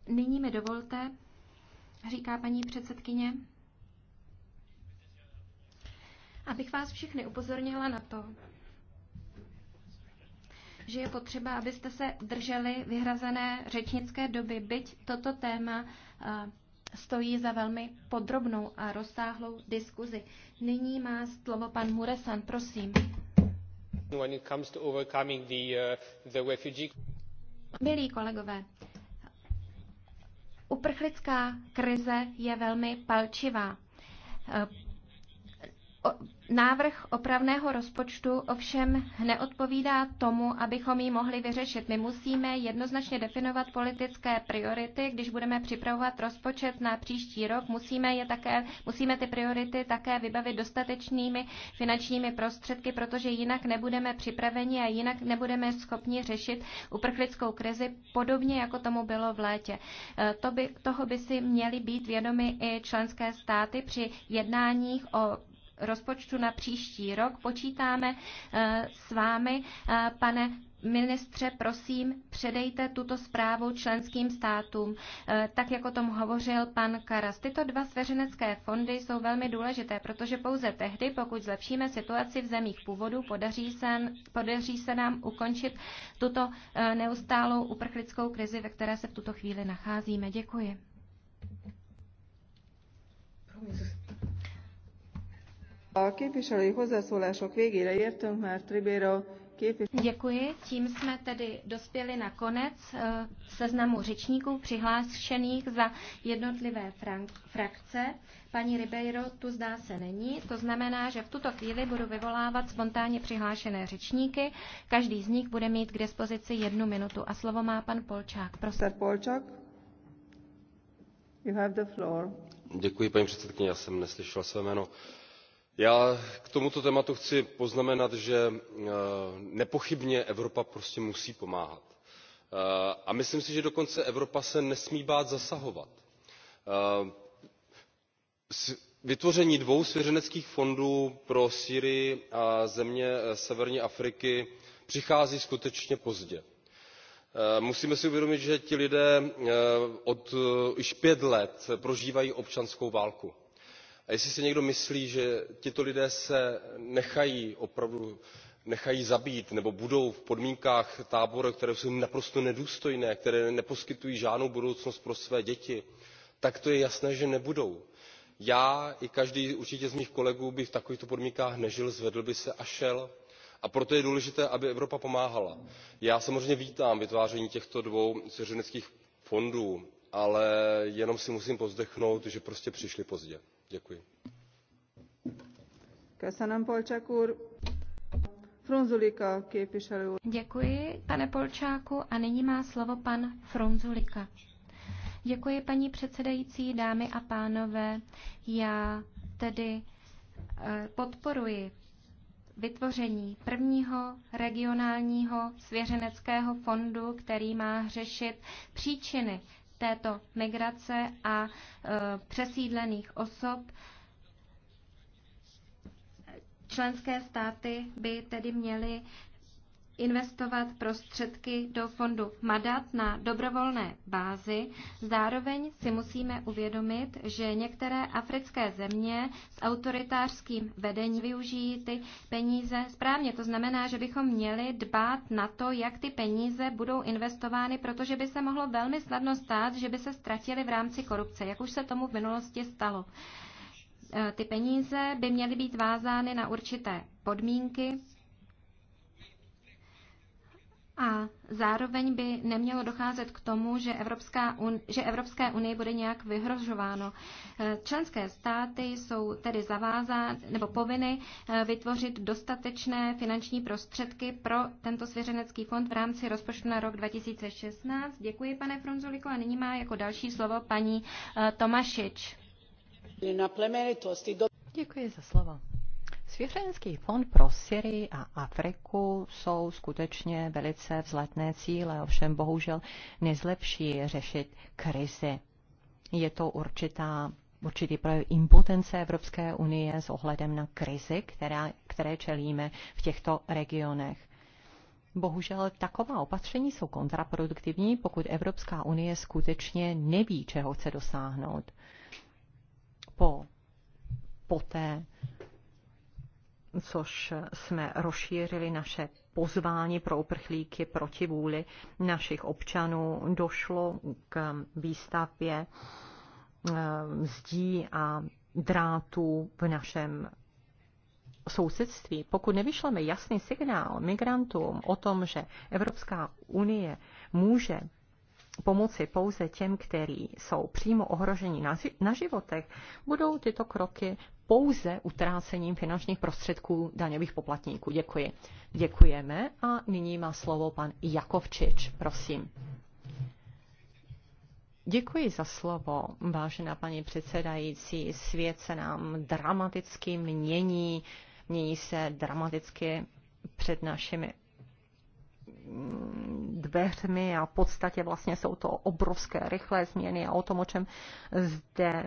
nyní mi dovolte, říká paní předsedkyně, abych vás všechny upozornila na to, že je potřeba, abyste se drželi vyhrazené řečnické doby, byť toto téma stojí za velmi podrobnou a rozsáhlou diskuzi. Nyní má slovo pan Muresan, prosím. Uh, Milí kolegové, uprchlická krize je velmi palčivá uh, Návrh opravného rozpočtu ovšem neodpovídá tomu, abychom ji mohli vyřešit. My musíme jednoznačně definovat politické priority. Když budeme připravovat rozpočet na příští rok, musíme, je také, musíme ty priority také vybavit dostatečnými finančními prostředky, protože jinak nebudeme připraveni a jinak nebudeme schopni řešit uprchlickou krizi, podobně jako tomu bylo v létě. E, to by, toho by si měly být vědomy i členské státy při jednáních o rozpočtu na příští rok. Počítáme eh, s vámi, eh, pane ministře, prosím, předejte tuto zprávu členským státům, eh, tak jak o tom hovořil pan Karas. Tyto dva svěřenecké fondy jsou velmi důležité, protože pouze tehdy, pokud zlepšíme situaci v zemích původu, podaří se, podaří se nám ukončit tuto neustálou uprchlickou krizi, ve které se v tuto chvíli nacházíme. Děkuji. Promiň. A képviselői hozzászólások végére értünk, mert Tribéro Děkuji, tím jsme tedy dospěli na konec eh, seznamu řečníků přihlášených za jednotlivé frakce. Paní Ribeiro tu zdá se není, to znamená, že v tuto chvíli budu vyvolávat spontánně přihlášené řečníky. Každý z nich bude mít k dispozici jednu minutu a slovo má pan Polčák. Prosím. Polčák? You have the floor. Děkuji, paní předsedkyně, já jsem neslyšel své jméno. Uh, já k tomuto tématu chci poznamenat že eh, nepochybně evropa prostě musí pomáhat eh, a myslím si že dokonce evropa se nesmí bát zasahovat. Eh, vytvoření dvou svěřeneckých fondů pro sýrii a země severní afriky přichází skutečně pozdě. musíme si uvědomit že ti lidé již pět let prožívají občanskou válku a jestli si někdo myslí že tito lidé se nechají opravdu zabít nebo budou v podmínkách tábora které jsou naprosto nedůstojné které neposkytují žádnou budoucnost pro své děti tak to je jasné že nebudou. já i každý určitě z mých kolegů by v takovýchto podmínkách nežil zvedl by se a šel a proto je důležité aby evropa pomáhala. já samozřejmě vítám vytváření těchto dvou svěřeneckých fondů ale jenom si musím povzdechnout že prostě přišly pozdě. Děkuji. Frunzulika, képviselő. Děkuji, pane Polčáku, a nyní má slovo pan Frunzulika. Děkuji, paní předsedající, dámy a pánové. Já tedy eh, podporuji vytvoření prvního regionálního svěřeneckého fondu, který má řešit příčiny této migrace a e, přesídlených osob. Členské státy by tedy měly investovat prostředky do fondu Madat na dobrovolné bázi. Zároveň si musíme uvědomit, že některé africké země s autoritářským vedením využijí ty peníze správně. To znamená, že bychom měli dbát na to, jak ty peníze budou investovány, protože by se mohlo velmi snadno stát, že by se ztratily v rámci korupce, jak už se tomu v minulosti stalo. E, ty peníze by měly být vázány na určité podmínky, a zároveň by nemělo docházet k tomu, že, Evropská un, že Evropské unii bude nějak vyhrožováno. Eh, členské státy jsou tedy zavázány nebo povinny eh, vytvořit dostatečné finanční prostředky pro tento svěřenecký fond v rámci rozpočtu na rok 2016. Děkuji, pane Frunzuliku, a nyní má jako další slovo paní eh, Tomašič. Děkuji za slovo. Svěřenský fond pro Syrii a Afriku jsou skutečně velice vzletné cíle, ovšem bohužel nezlepší řešit krizi. Je to určitá určitý projev impotence Evropské unie s ohledem na krizi, která, které čelíme v těchto regionech. Bohužel taková opatření jsou kontraproduktivní, pokud Evropská unie skutečně neví, čeho chce dosáhnout. Po, poté, což jsme rozšířili naše pozvání pro uprchlíky proti vůli našich občanů. Došlo k výstavbě eh, zdí a drátů v našem sousedství. Pokud nevyšleme jasný signál migrantům o tom, že Evropská unie může pomoci pouze těm, kteří jsou přímo ohroženi na, na životech, budou tyto kroky pouze utrácením finančních prostředků daňových poplatníků. Děkuji. Děkujeme a nyní má slovo pan Jakovčič. Prosím. Děkuji za slovo, vážená paní předsedající. Svět se nám dramaticky mění, mění se dramaticky před našimi dveřmi a v podstatě vlastně jsou to obrovské rychlé změny a o tom, o čem zde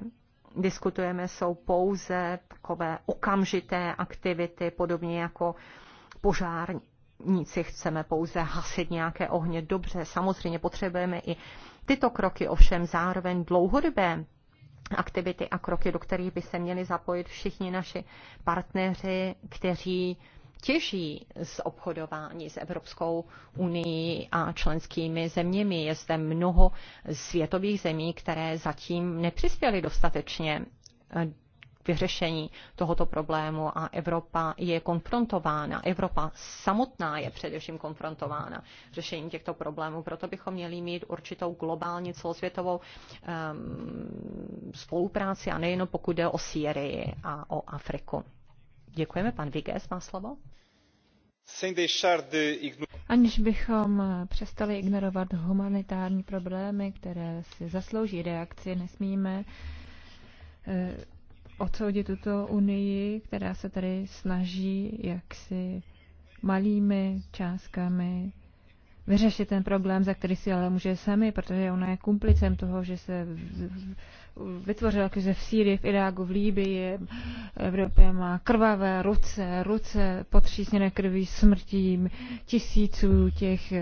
diskutujeme, jsou pouze takové okamžité aktivity, podobně jako požárníci chceme pouze hasit nějaké ohně. Dobře, samozřejmě potřebujeme i tyto kroky, ovšem zároveň dlouhodobé aktivity a kroky, do kterých by se měli zapojit všichni naši partneři, kteří těží z obchodování s Evropskou unii a členskými zeměmi. Je zde mnoho světových zemí, které zatím nepřispěly dostatečně eh, k vyřešení tohoto problému a Evropa je konfrontována. Evropa samotná je především konfrontována řešením těchto problémů. Proto bychom měli mít určitou globální celosvětovou um, spolupráci a nejenom pokud jde o Syrii a o Afriku. Děkujeme. Pan Viges má slovo. Aniž bychom přestali ignorovat humanitární problémy, které si zaslouží reakci, nesmíme eh, odsoudit tuto unii, která se tady snaží jaksi malými částkami vyřešit ten problém, za který si ale může sami, protože ona je kumplicem toho, že se vytvořil, krize v Sýrii, v Iráku, v Líbii. Evropě má krvavé ruce, ruce potřísněné krví smrtím tisíců těch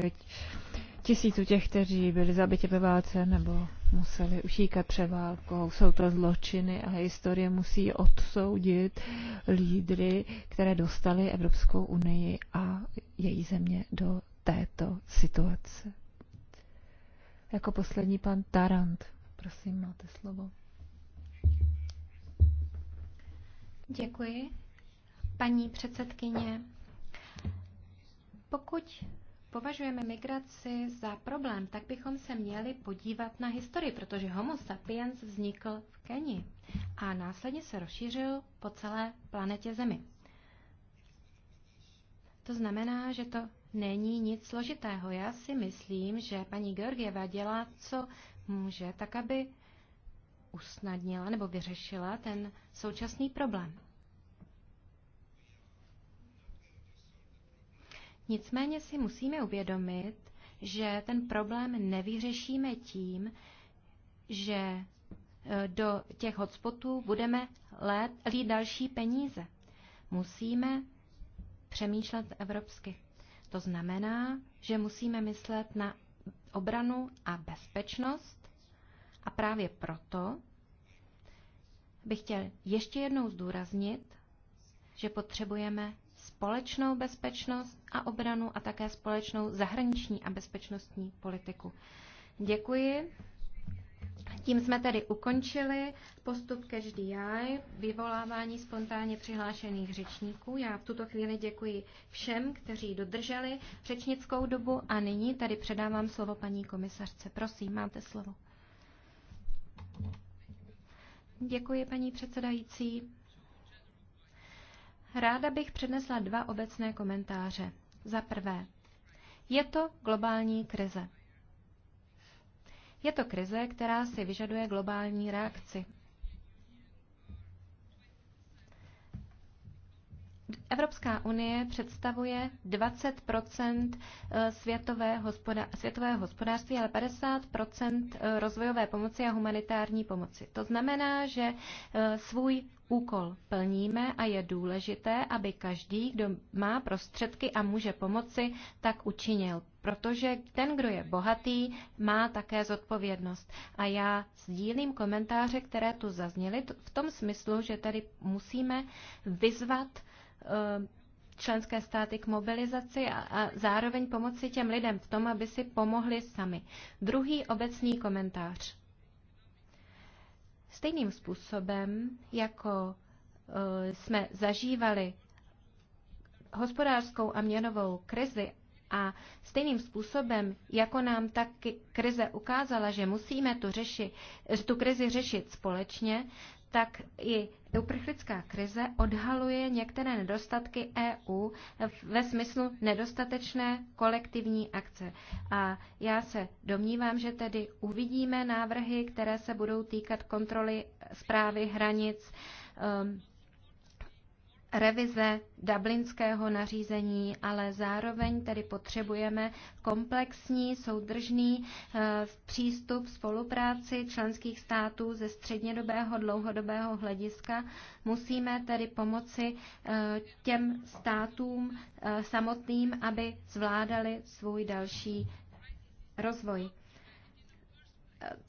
tisíců těch, kteří byli zabiti ve válce nebo museli ušíkat před válkou. Jsou to zločiny a historie musí odsoudit lídry, které dostali Evropskou unii a její země do této situace. Jako poslední pan Tarant. Prosím, máte slovo. Děkuji. Paní předsedkyně, pokud považujeme migraci za problém, tak bychom se měli podívat na historii, protože Homo sapiens vznikl v Keni a následně se rozšířil po celé planetě Zemi. To znamená, že to není nic složitého. Já si myslím, že paní Georgieva dělá, co může, tak aby usnadnila nebo vyřešila ten současný problém. Nicméně si musíme uvědomit, že ten problém nevyřešíme tím, že e, do těch hotspotů budeme lít další peníze. Musíme přemýšlet evropsky. To znamená, že musíme myslet na obranu a bezpečnost a právě proto bych chtěl ještě jednou zdůraznit, že potřebujeme společnou bezpečnost a obranu a také společnou zahraniční a bezpečnostní politiku. Děkuji. Tím jsme tedy ukončili postup každý jaj, vyvolávání spontánně přihlášených řečníků. Já v tuto chvíli děkuji všem, kteří dodrželi řečnickou dobu a nyní tady předávám slovo paní komisařce. Prosím, máte slovo. Děkuji, paní předsedající. Ráda bych přednesla dva obecné komentáře. Za prvé, je to globální krize. Je to krize, která si vyžaduje globální reakci. Evropská unie představuje 20 eh, světové světového hospodářství, ale 50 eh, rozvojové pomoci a humanitární pomoci. To znamená, že eh, svůj úkol plníme a je důležité, aby každý, kdo má prostředky a může pomoci, tak učinil. Protože ten, kdo je bohatý, má také zodpovědnost. A já sdílím komentáře, které tu zazněly, v tom smyslu, že tady musíme vyzvat Eh, členské státy k mobilizaci a, a zároveň pomoci těm lidem v tom, aby si pomohli sami. Druhý obecný komentář. Stejným způsobem, jako eh, jsme zažívali hospodářskou a měnovou krizi a stejným způsobem, jako nám ta krize ukázala, že musíme tu, řeši, tu krizi řešit společně, tak i uprchlická krize odhaluje některé nedostatky EU ve smyslu nedostatečné kolektivní akce. A já se domnívám, že tedy uvidíme návrhy, které se budou týkat kontroly zprávy hranic, um, revize dublinského nařízení, ale zároveň tedy potřebujeme komplexní, soudržný eh, přístup spolupráci členských států ze střednědobého, dlouhodobého hlediska. Musíme tedy pomoci eh, těm státům eh, samotným, aby zvládali svůj další rozvoj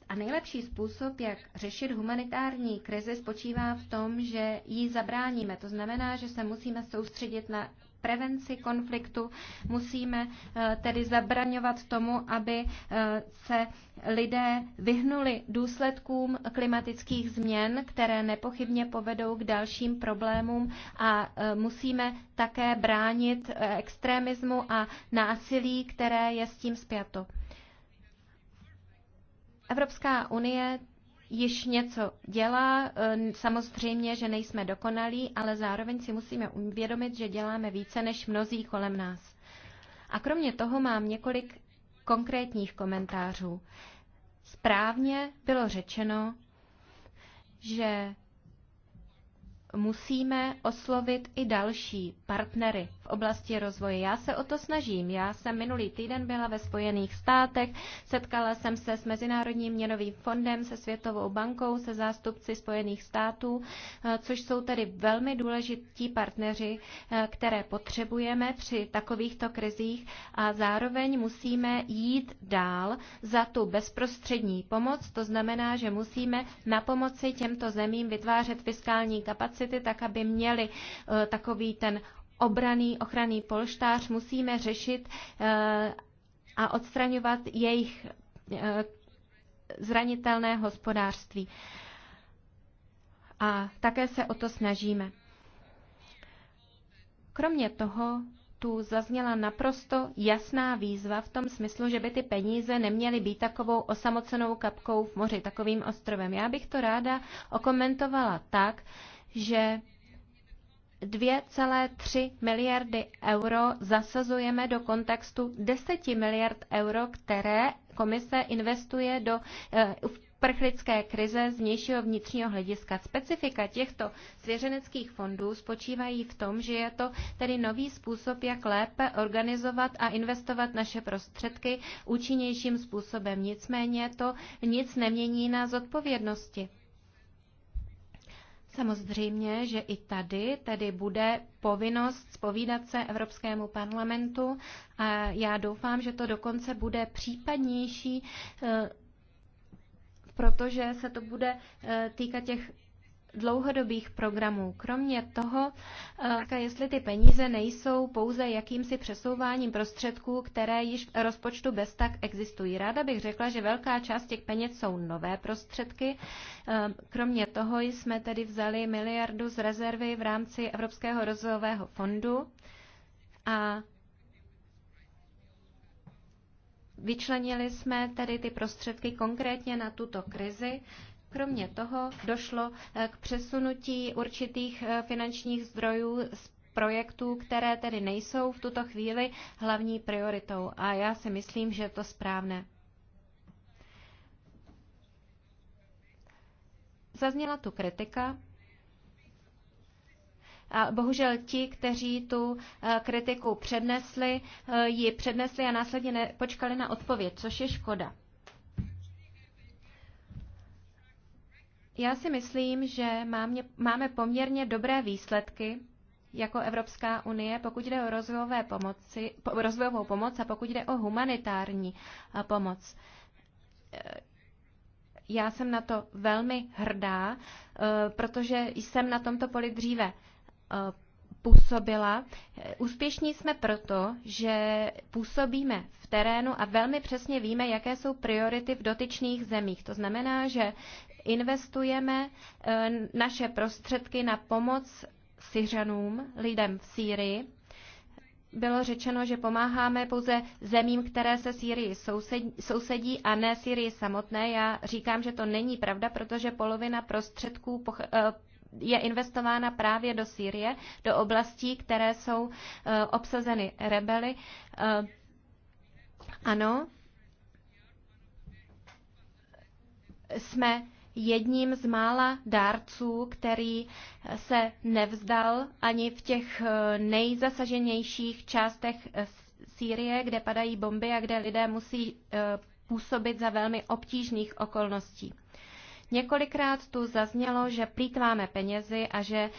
a nejlepší způsob, jak řešit humanitární krizi, spočívá v tom, že ji zabráníme. To znamená, že se musíme soustředit na prevenci konfliktu. Musíme eh, tedy zabraňovat tomu, aby eh, se lidé vyhnuli důsledkům klimatických změn, které nepochybně povedou k dalším problémům a eh, musíme také bránit extremismu a násilí, které je s tím spjato. Evropská unie již něco dělá. E, samozřejmě, že nejsme dokonalí, ale zároveň si musíme uvědomit, že děláme více než mnozí kolem nás. A kromě toho mám několik konkrétních komentářů. Správně bylo řečeno, že musíme oslovit i další partnery oblasti rozvoje. Já se o to snažím. Já jsem minulý týden byla ve Spojených státech, setkala jsem se s Mezinárodním měnovým fondem, se Světovou bankou, se zástupci Spojených států, eh, což jsou tedy velmi důležití partneři, eh, které potřebujeme při takovýchto krizích a zároveň musíme jít dál za tu bezprostřední pomoc. To znamená, že musíme na pomoci těmto zemím vytvářet fiskální kapacity, tak aby měli eh, takový ten obraný ochranný polštář, musíme řešit eh, a odstraňovat jejich eh, zranitelné hospodářství. A také se o to snažíme. Kromě toho tu zazněla naprosto jasná výzva v tom smyslu, že by ty peníze neměly být takovou osamocenou kapkou v moři, takovým ostrovem. Já bych to ráda okomentovala tak, že 2,3 miliardy euro zasazujeme do kontextu 10 miliard euro, které komise investuje do eh, prchlické krize z vnějšího vnitřního hlediska. Specifika těchto svěřeneckých fondů spočívají v tom, že je to tedy nový způsob, jak lépe organizovat a investovat naše prostředky účinnějším způsobem. Nicméně to nic nemění na zodpovědnosti. Samozřejmě, že i tady tedy bude povinnost zpovídat se Evropskému parlamentu a já doufám, že to dokonce bude případnější, eh, protože se to bude eh, týkat těch dlouhodobých programů. Kromě toho, eh, jestli ty peníze nejsou pouze jakýmsi přesouváním prostředků, které již v rozpočtu bez tak existují. Ráda bych řekla, že velká část těch peněz jsou nové prostředky. Eh, kromě toho jsme tedy vzali miliardu z rezervy v rámci Evropského rozvojového fondu a Vyčlenili jsme tedy ty prostředky konkrétně na tuto krizi Kromě toho došlo eh, k přesunutí určitých eh, finančních zdrojů z projektů, které tedy nejsou v tuto chvíli hlavní prioritou. A já si myslím, že je to správné. Zazněla tu kritika. A bohužel ti, kteří tu eh, kritiku přednesli, ji přednesli a následně nepočkali na odpověď, což je škoda. Já si myslím, že máme poměrně dobré výsledky jako Evropská unie, pokud jde o rozvojové pomoci, rozvojovou pomoc a pokud jde o humanitární pomoc. E, já jsem na to velmi hrdá, e, protože jsem na tomto poli dříve e, působila. Úspěšní jsme proto, že působíme v terénu a velmi přesně víme, jaké jsou priority v dotyčných zemích. To znamená, že investujeme eh, naše prostředky na pomoc Syřanům, lidem v Sýrii. Bylo řečeno, že pomáháme pouze zemím, které se Sýrii sousedí, a ne Sýrii samotné. Já říkám, že to není pravda, protože polovina prostředků eh, je investována právě do Sýrie, do oblastí, které jsou eh, obsazeny rebely. Ano, jsme jedním z mála dárců, který se nevzdal ani v těch eh, nejzasaženějších částech eh, Sýrie, kde padají bomby a kde lidé musí eh, působit za velmi obtížných okolností. Několikrát tu zaznělo, že plítváme penězi a že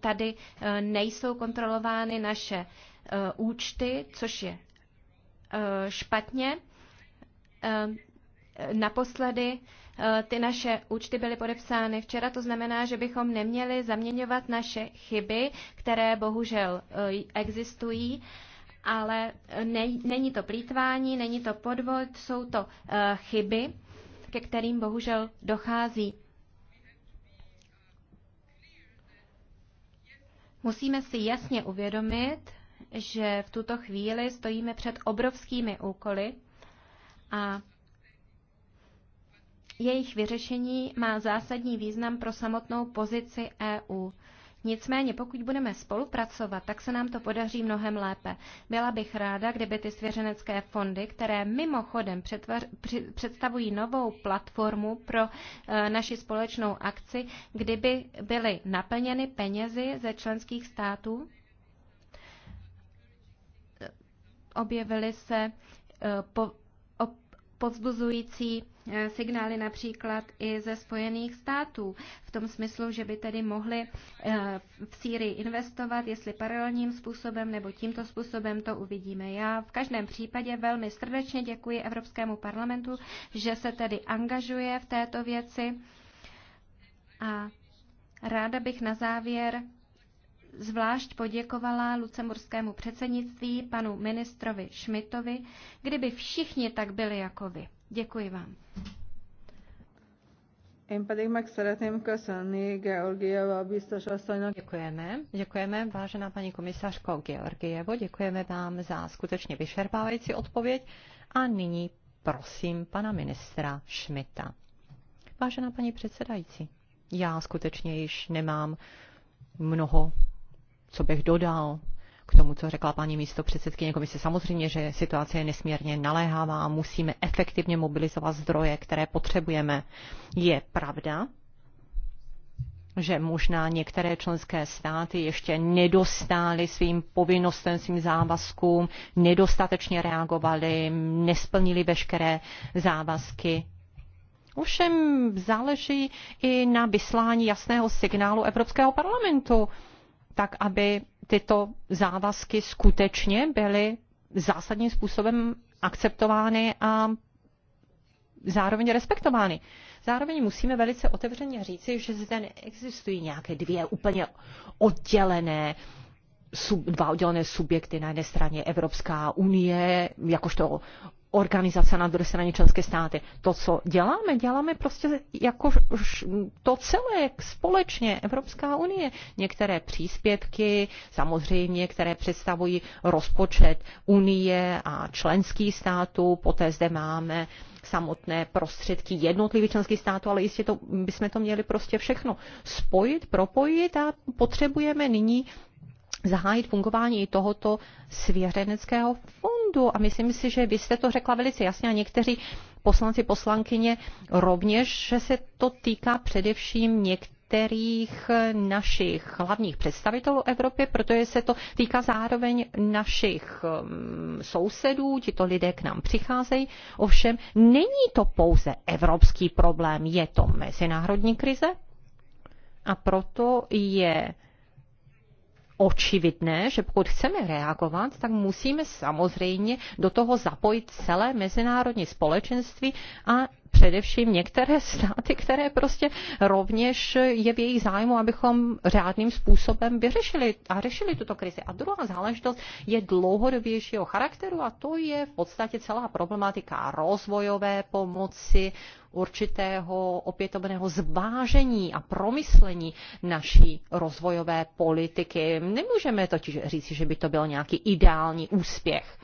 tady nejsou kontrolovány naše účty, což je špatně. Naposledy eh, ty naše účty byly podepsány včera, to znamená, že bychom neměli zaměňovat naše chyby, které bohužel eh, existují, ale eh, ne, není to plítvání, není to podvod, jsou to chyby, ke kterým bohužel dochází. Musíme si jasně uvědomit, že v tuto chvíli stojíme před obrovskými úkoly a jejich vyřešení má zásadní význam pro samotnou pozici EU. Nicméně pokud budeme spolupracovat, tak se nám to podaří mnohem lépe. Byla bych ráda, kdyby ty svěřenecké fondy, které mimochodem přetvař, při, představují novou platformu pro e, naši společnou akci, kdyby byly naplněny penězi ze členských států, e, objevily se e, po, o, povzbuzující Eh, signály například i ze Spojených států, v tom smyslu, že by tedy mohli eh, v Sýrii investovat, jestli paralelním způsobem nebo tímto způsobem, to uvidíme. Já v každém případě velmi srdečně děkuji Evropskému parlamentu, že se tedy angažuje v této věci a ráda bych na závěr zvlášť poděkovala lucemburskému předsednictví panu ministrovi Šmitovi, kdyby všichni tak byli jako vy. Děkuji vám. Én pedig meg szeretném köszönni Georgieva biztos asszonynak. Děkujeme, děkujeme, vážená paní komisařko Georgievo, děkujeme vám za skutečně vyšerpávající odpověď a nyní prosím pana ministra Šmita. Vážená paní předsedající, já skutečně již nemám mnoho, co bych dodal k tomu, co řekla paní místo předsedkyně komise. Samozřejmě, že situace je nesmírně a musíme efektivně mobilizovat zdroje, které potřebujeme. Je pravda, že možná některé členské státy ještě nedostály svým povinnostem, svým závazkům, nedostatečně reagovaly, nesplnili veškeré závazky. Ovšem záleží i na vyslání jasného signálu Evropského parlamentu, tak aby tyto závazky skutečně byly zásadním způsobem akceptovány a zároveň respektovány. Zároveň musíme velice otevřeně říci, že zde neexistují nějaké dvě úplně oddělené sub, dva oddělené subjekty. Na jedné straně Evropská unie, jakožto organizace na druhé straně členské státy. To, co děláme, děláme prostě jako to celé společně Evropská unie. Některé příspěvky, samozřejmě, které představují rozpočet unie a členský států, poté zde máme samotné prostředky jednotlivých členských států, ale jistě to, bychom to měli prostě všechno spojit, propojit a potřebujeme nyní zahájit fungování tohoto svěřeneckého fondu. A myslím si, že vy jste to řekla velice jasně a někteří poslanci, poslankyně rovněž, že se to týká především některých našich hlavních představitelů Evropy, protože se to týká zároveň našich um, sousedů, to lidé k nám přicházejí. Ovšem, není to pouze evropský problém, je to mezinárodní krize a proto je očividné, že pokud chceme reagovat, tak musíme samozřejmě do toho zapojit celé mezinárodní společenství a především některé státy, které prostě rovněž je v jejich zájmu, abychom řádným způsobem vyřešili a řešili tuto krizi. A druhá záležitost je dlouhodobějšího charakteru a to je v podstatě celá problematika rozvojové pomoci, určitého opětovného zvážení a promyslení naší rozvojové politiky. Nemůžeme totiž říci, že by to byl nějaký ideální úspěch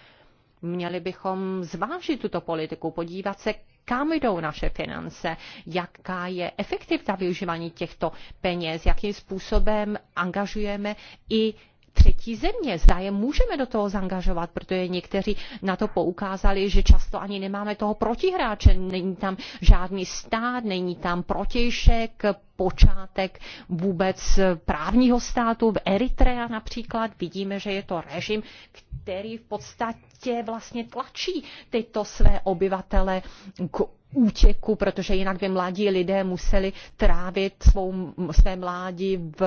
Měli bychom zvážit tuto politiku, podívat se, kam jdou naše finance, jaká je efektivita využívání těchto peněz, jakým způsobem angažujeme i třetí země. Zda je můžeme do toho zangažovat, protože někteří na to poukázali, že často ani nemáme toho protihráče. Není tam žádný stát, není tam protějšek, počátek vůbec právního státu. V Eritrea například vidíme, že je to režim, který v podstatě vlastně tlačí tyto své obyvatele k útěku, protože jinak by mladí lidé museli trávit svou, své mládí v,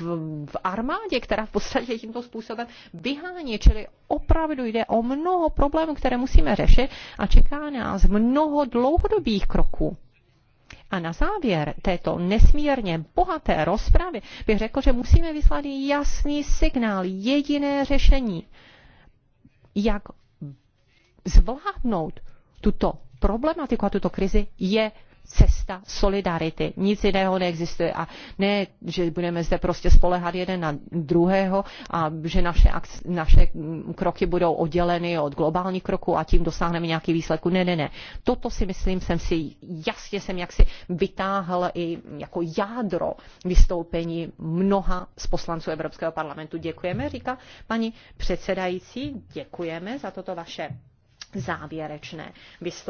v, v armádě, která v podstatě tímto způsobem vyhání. Čili opravdu jde o mnoho problémů, které musíme řešit a čeká nás mnoho dlouhodobých kroků. A na závěr této nesmírně bohaté rozpravy bych řekl, že musíme vyslat jasný signál, jediné řešení, jak zvládnout tuto problematiku a tuto krizi, je cesta solidarity. Nic jiného neexistuje. A ne, že budeme zde prostě spolehat jeden na druhého a že naše, naše kroky budou odděleny od globálních kroků a tím dosáhneme nějaký výsledku. Ne, ne, ne. Toto si myslím, jsem si jasně jsem jaksi vytáhl i jako jádro vystoupení mnoha z poslanců Evropského parlamentu. Děkujeme, říká paní předsedající, děkujeme za toto vaše závěrečné vystoupení.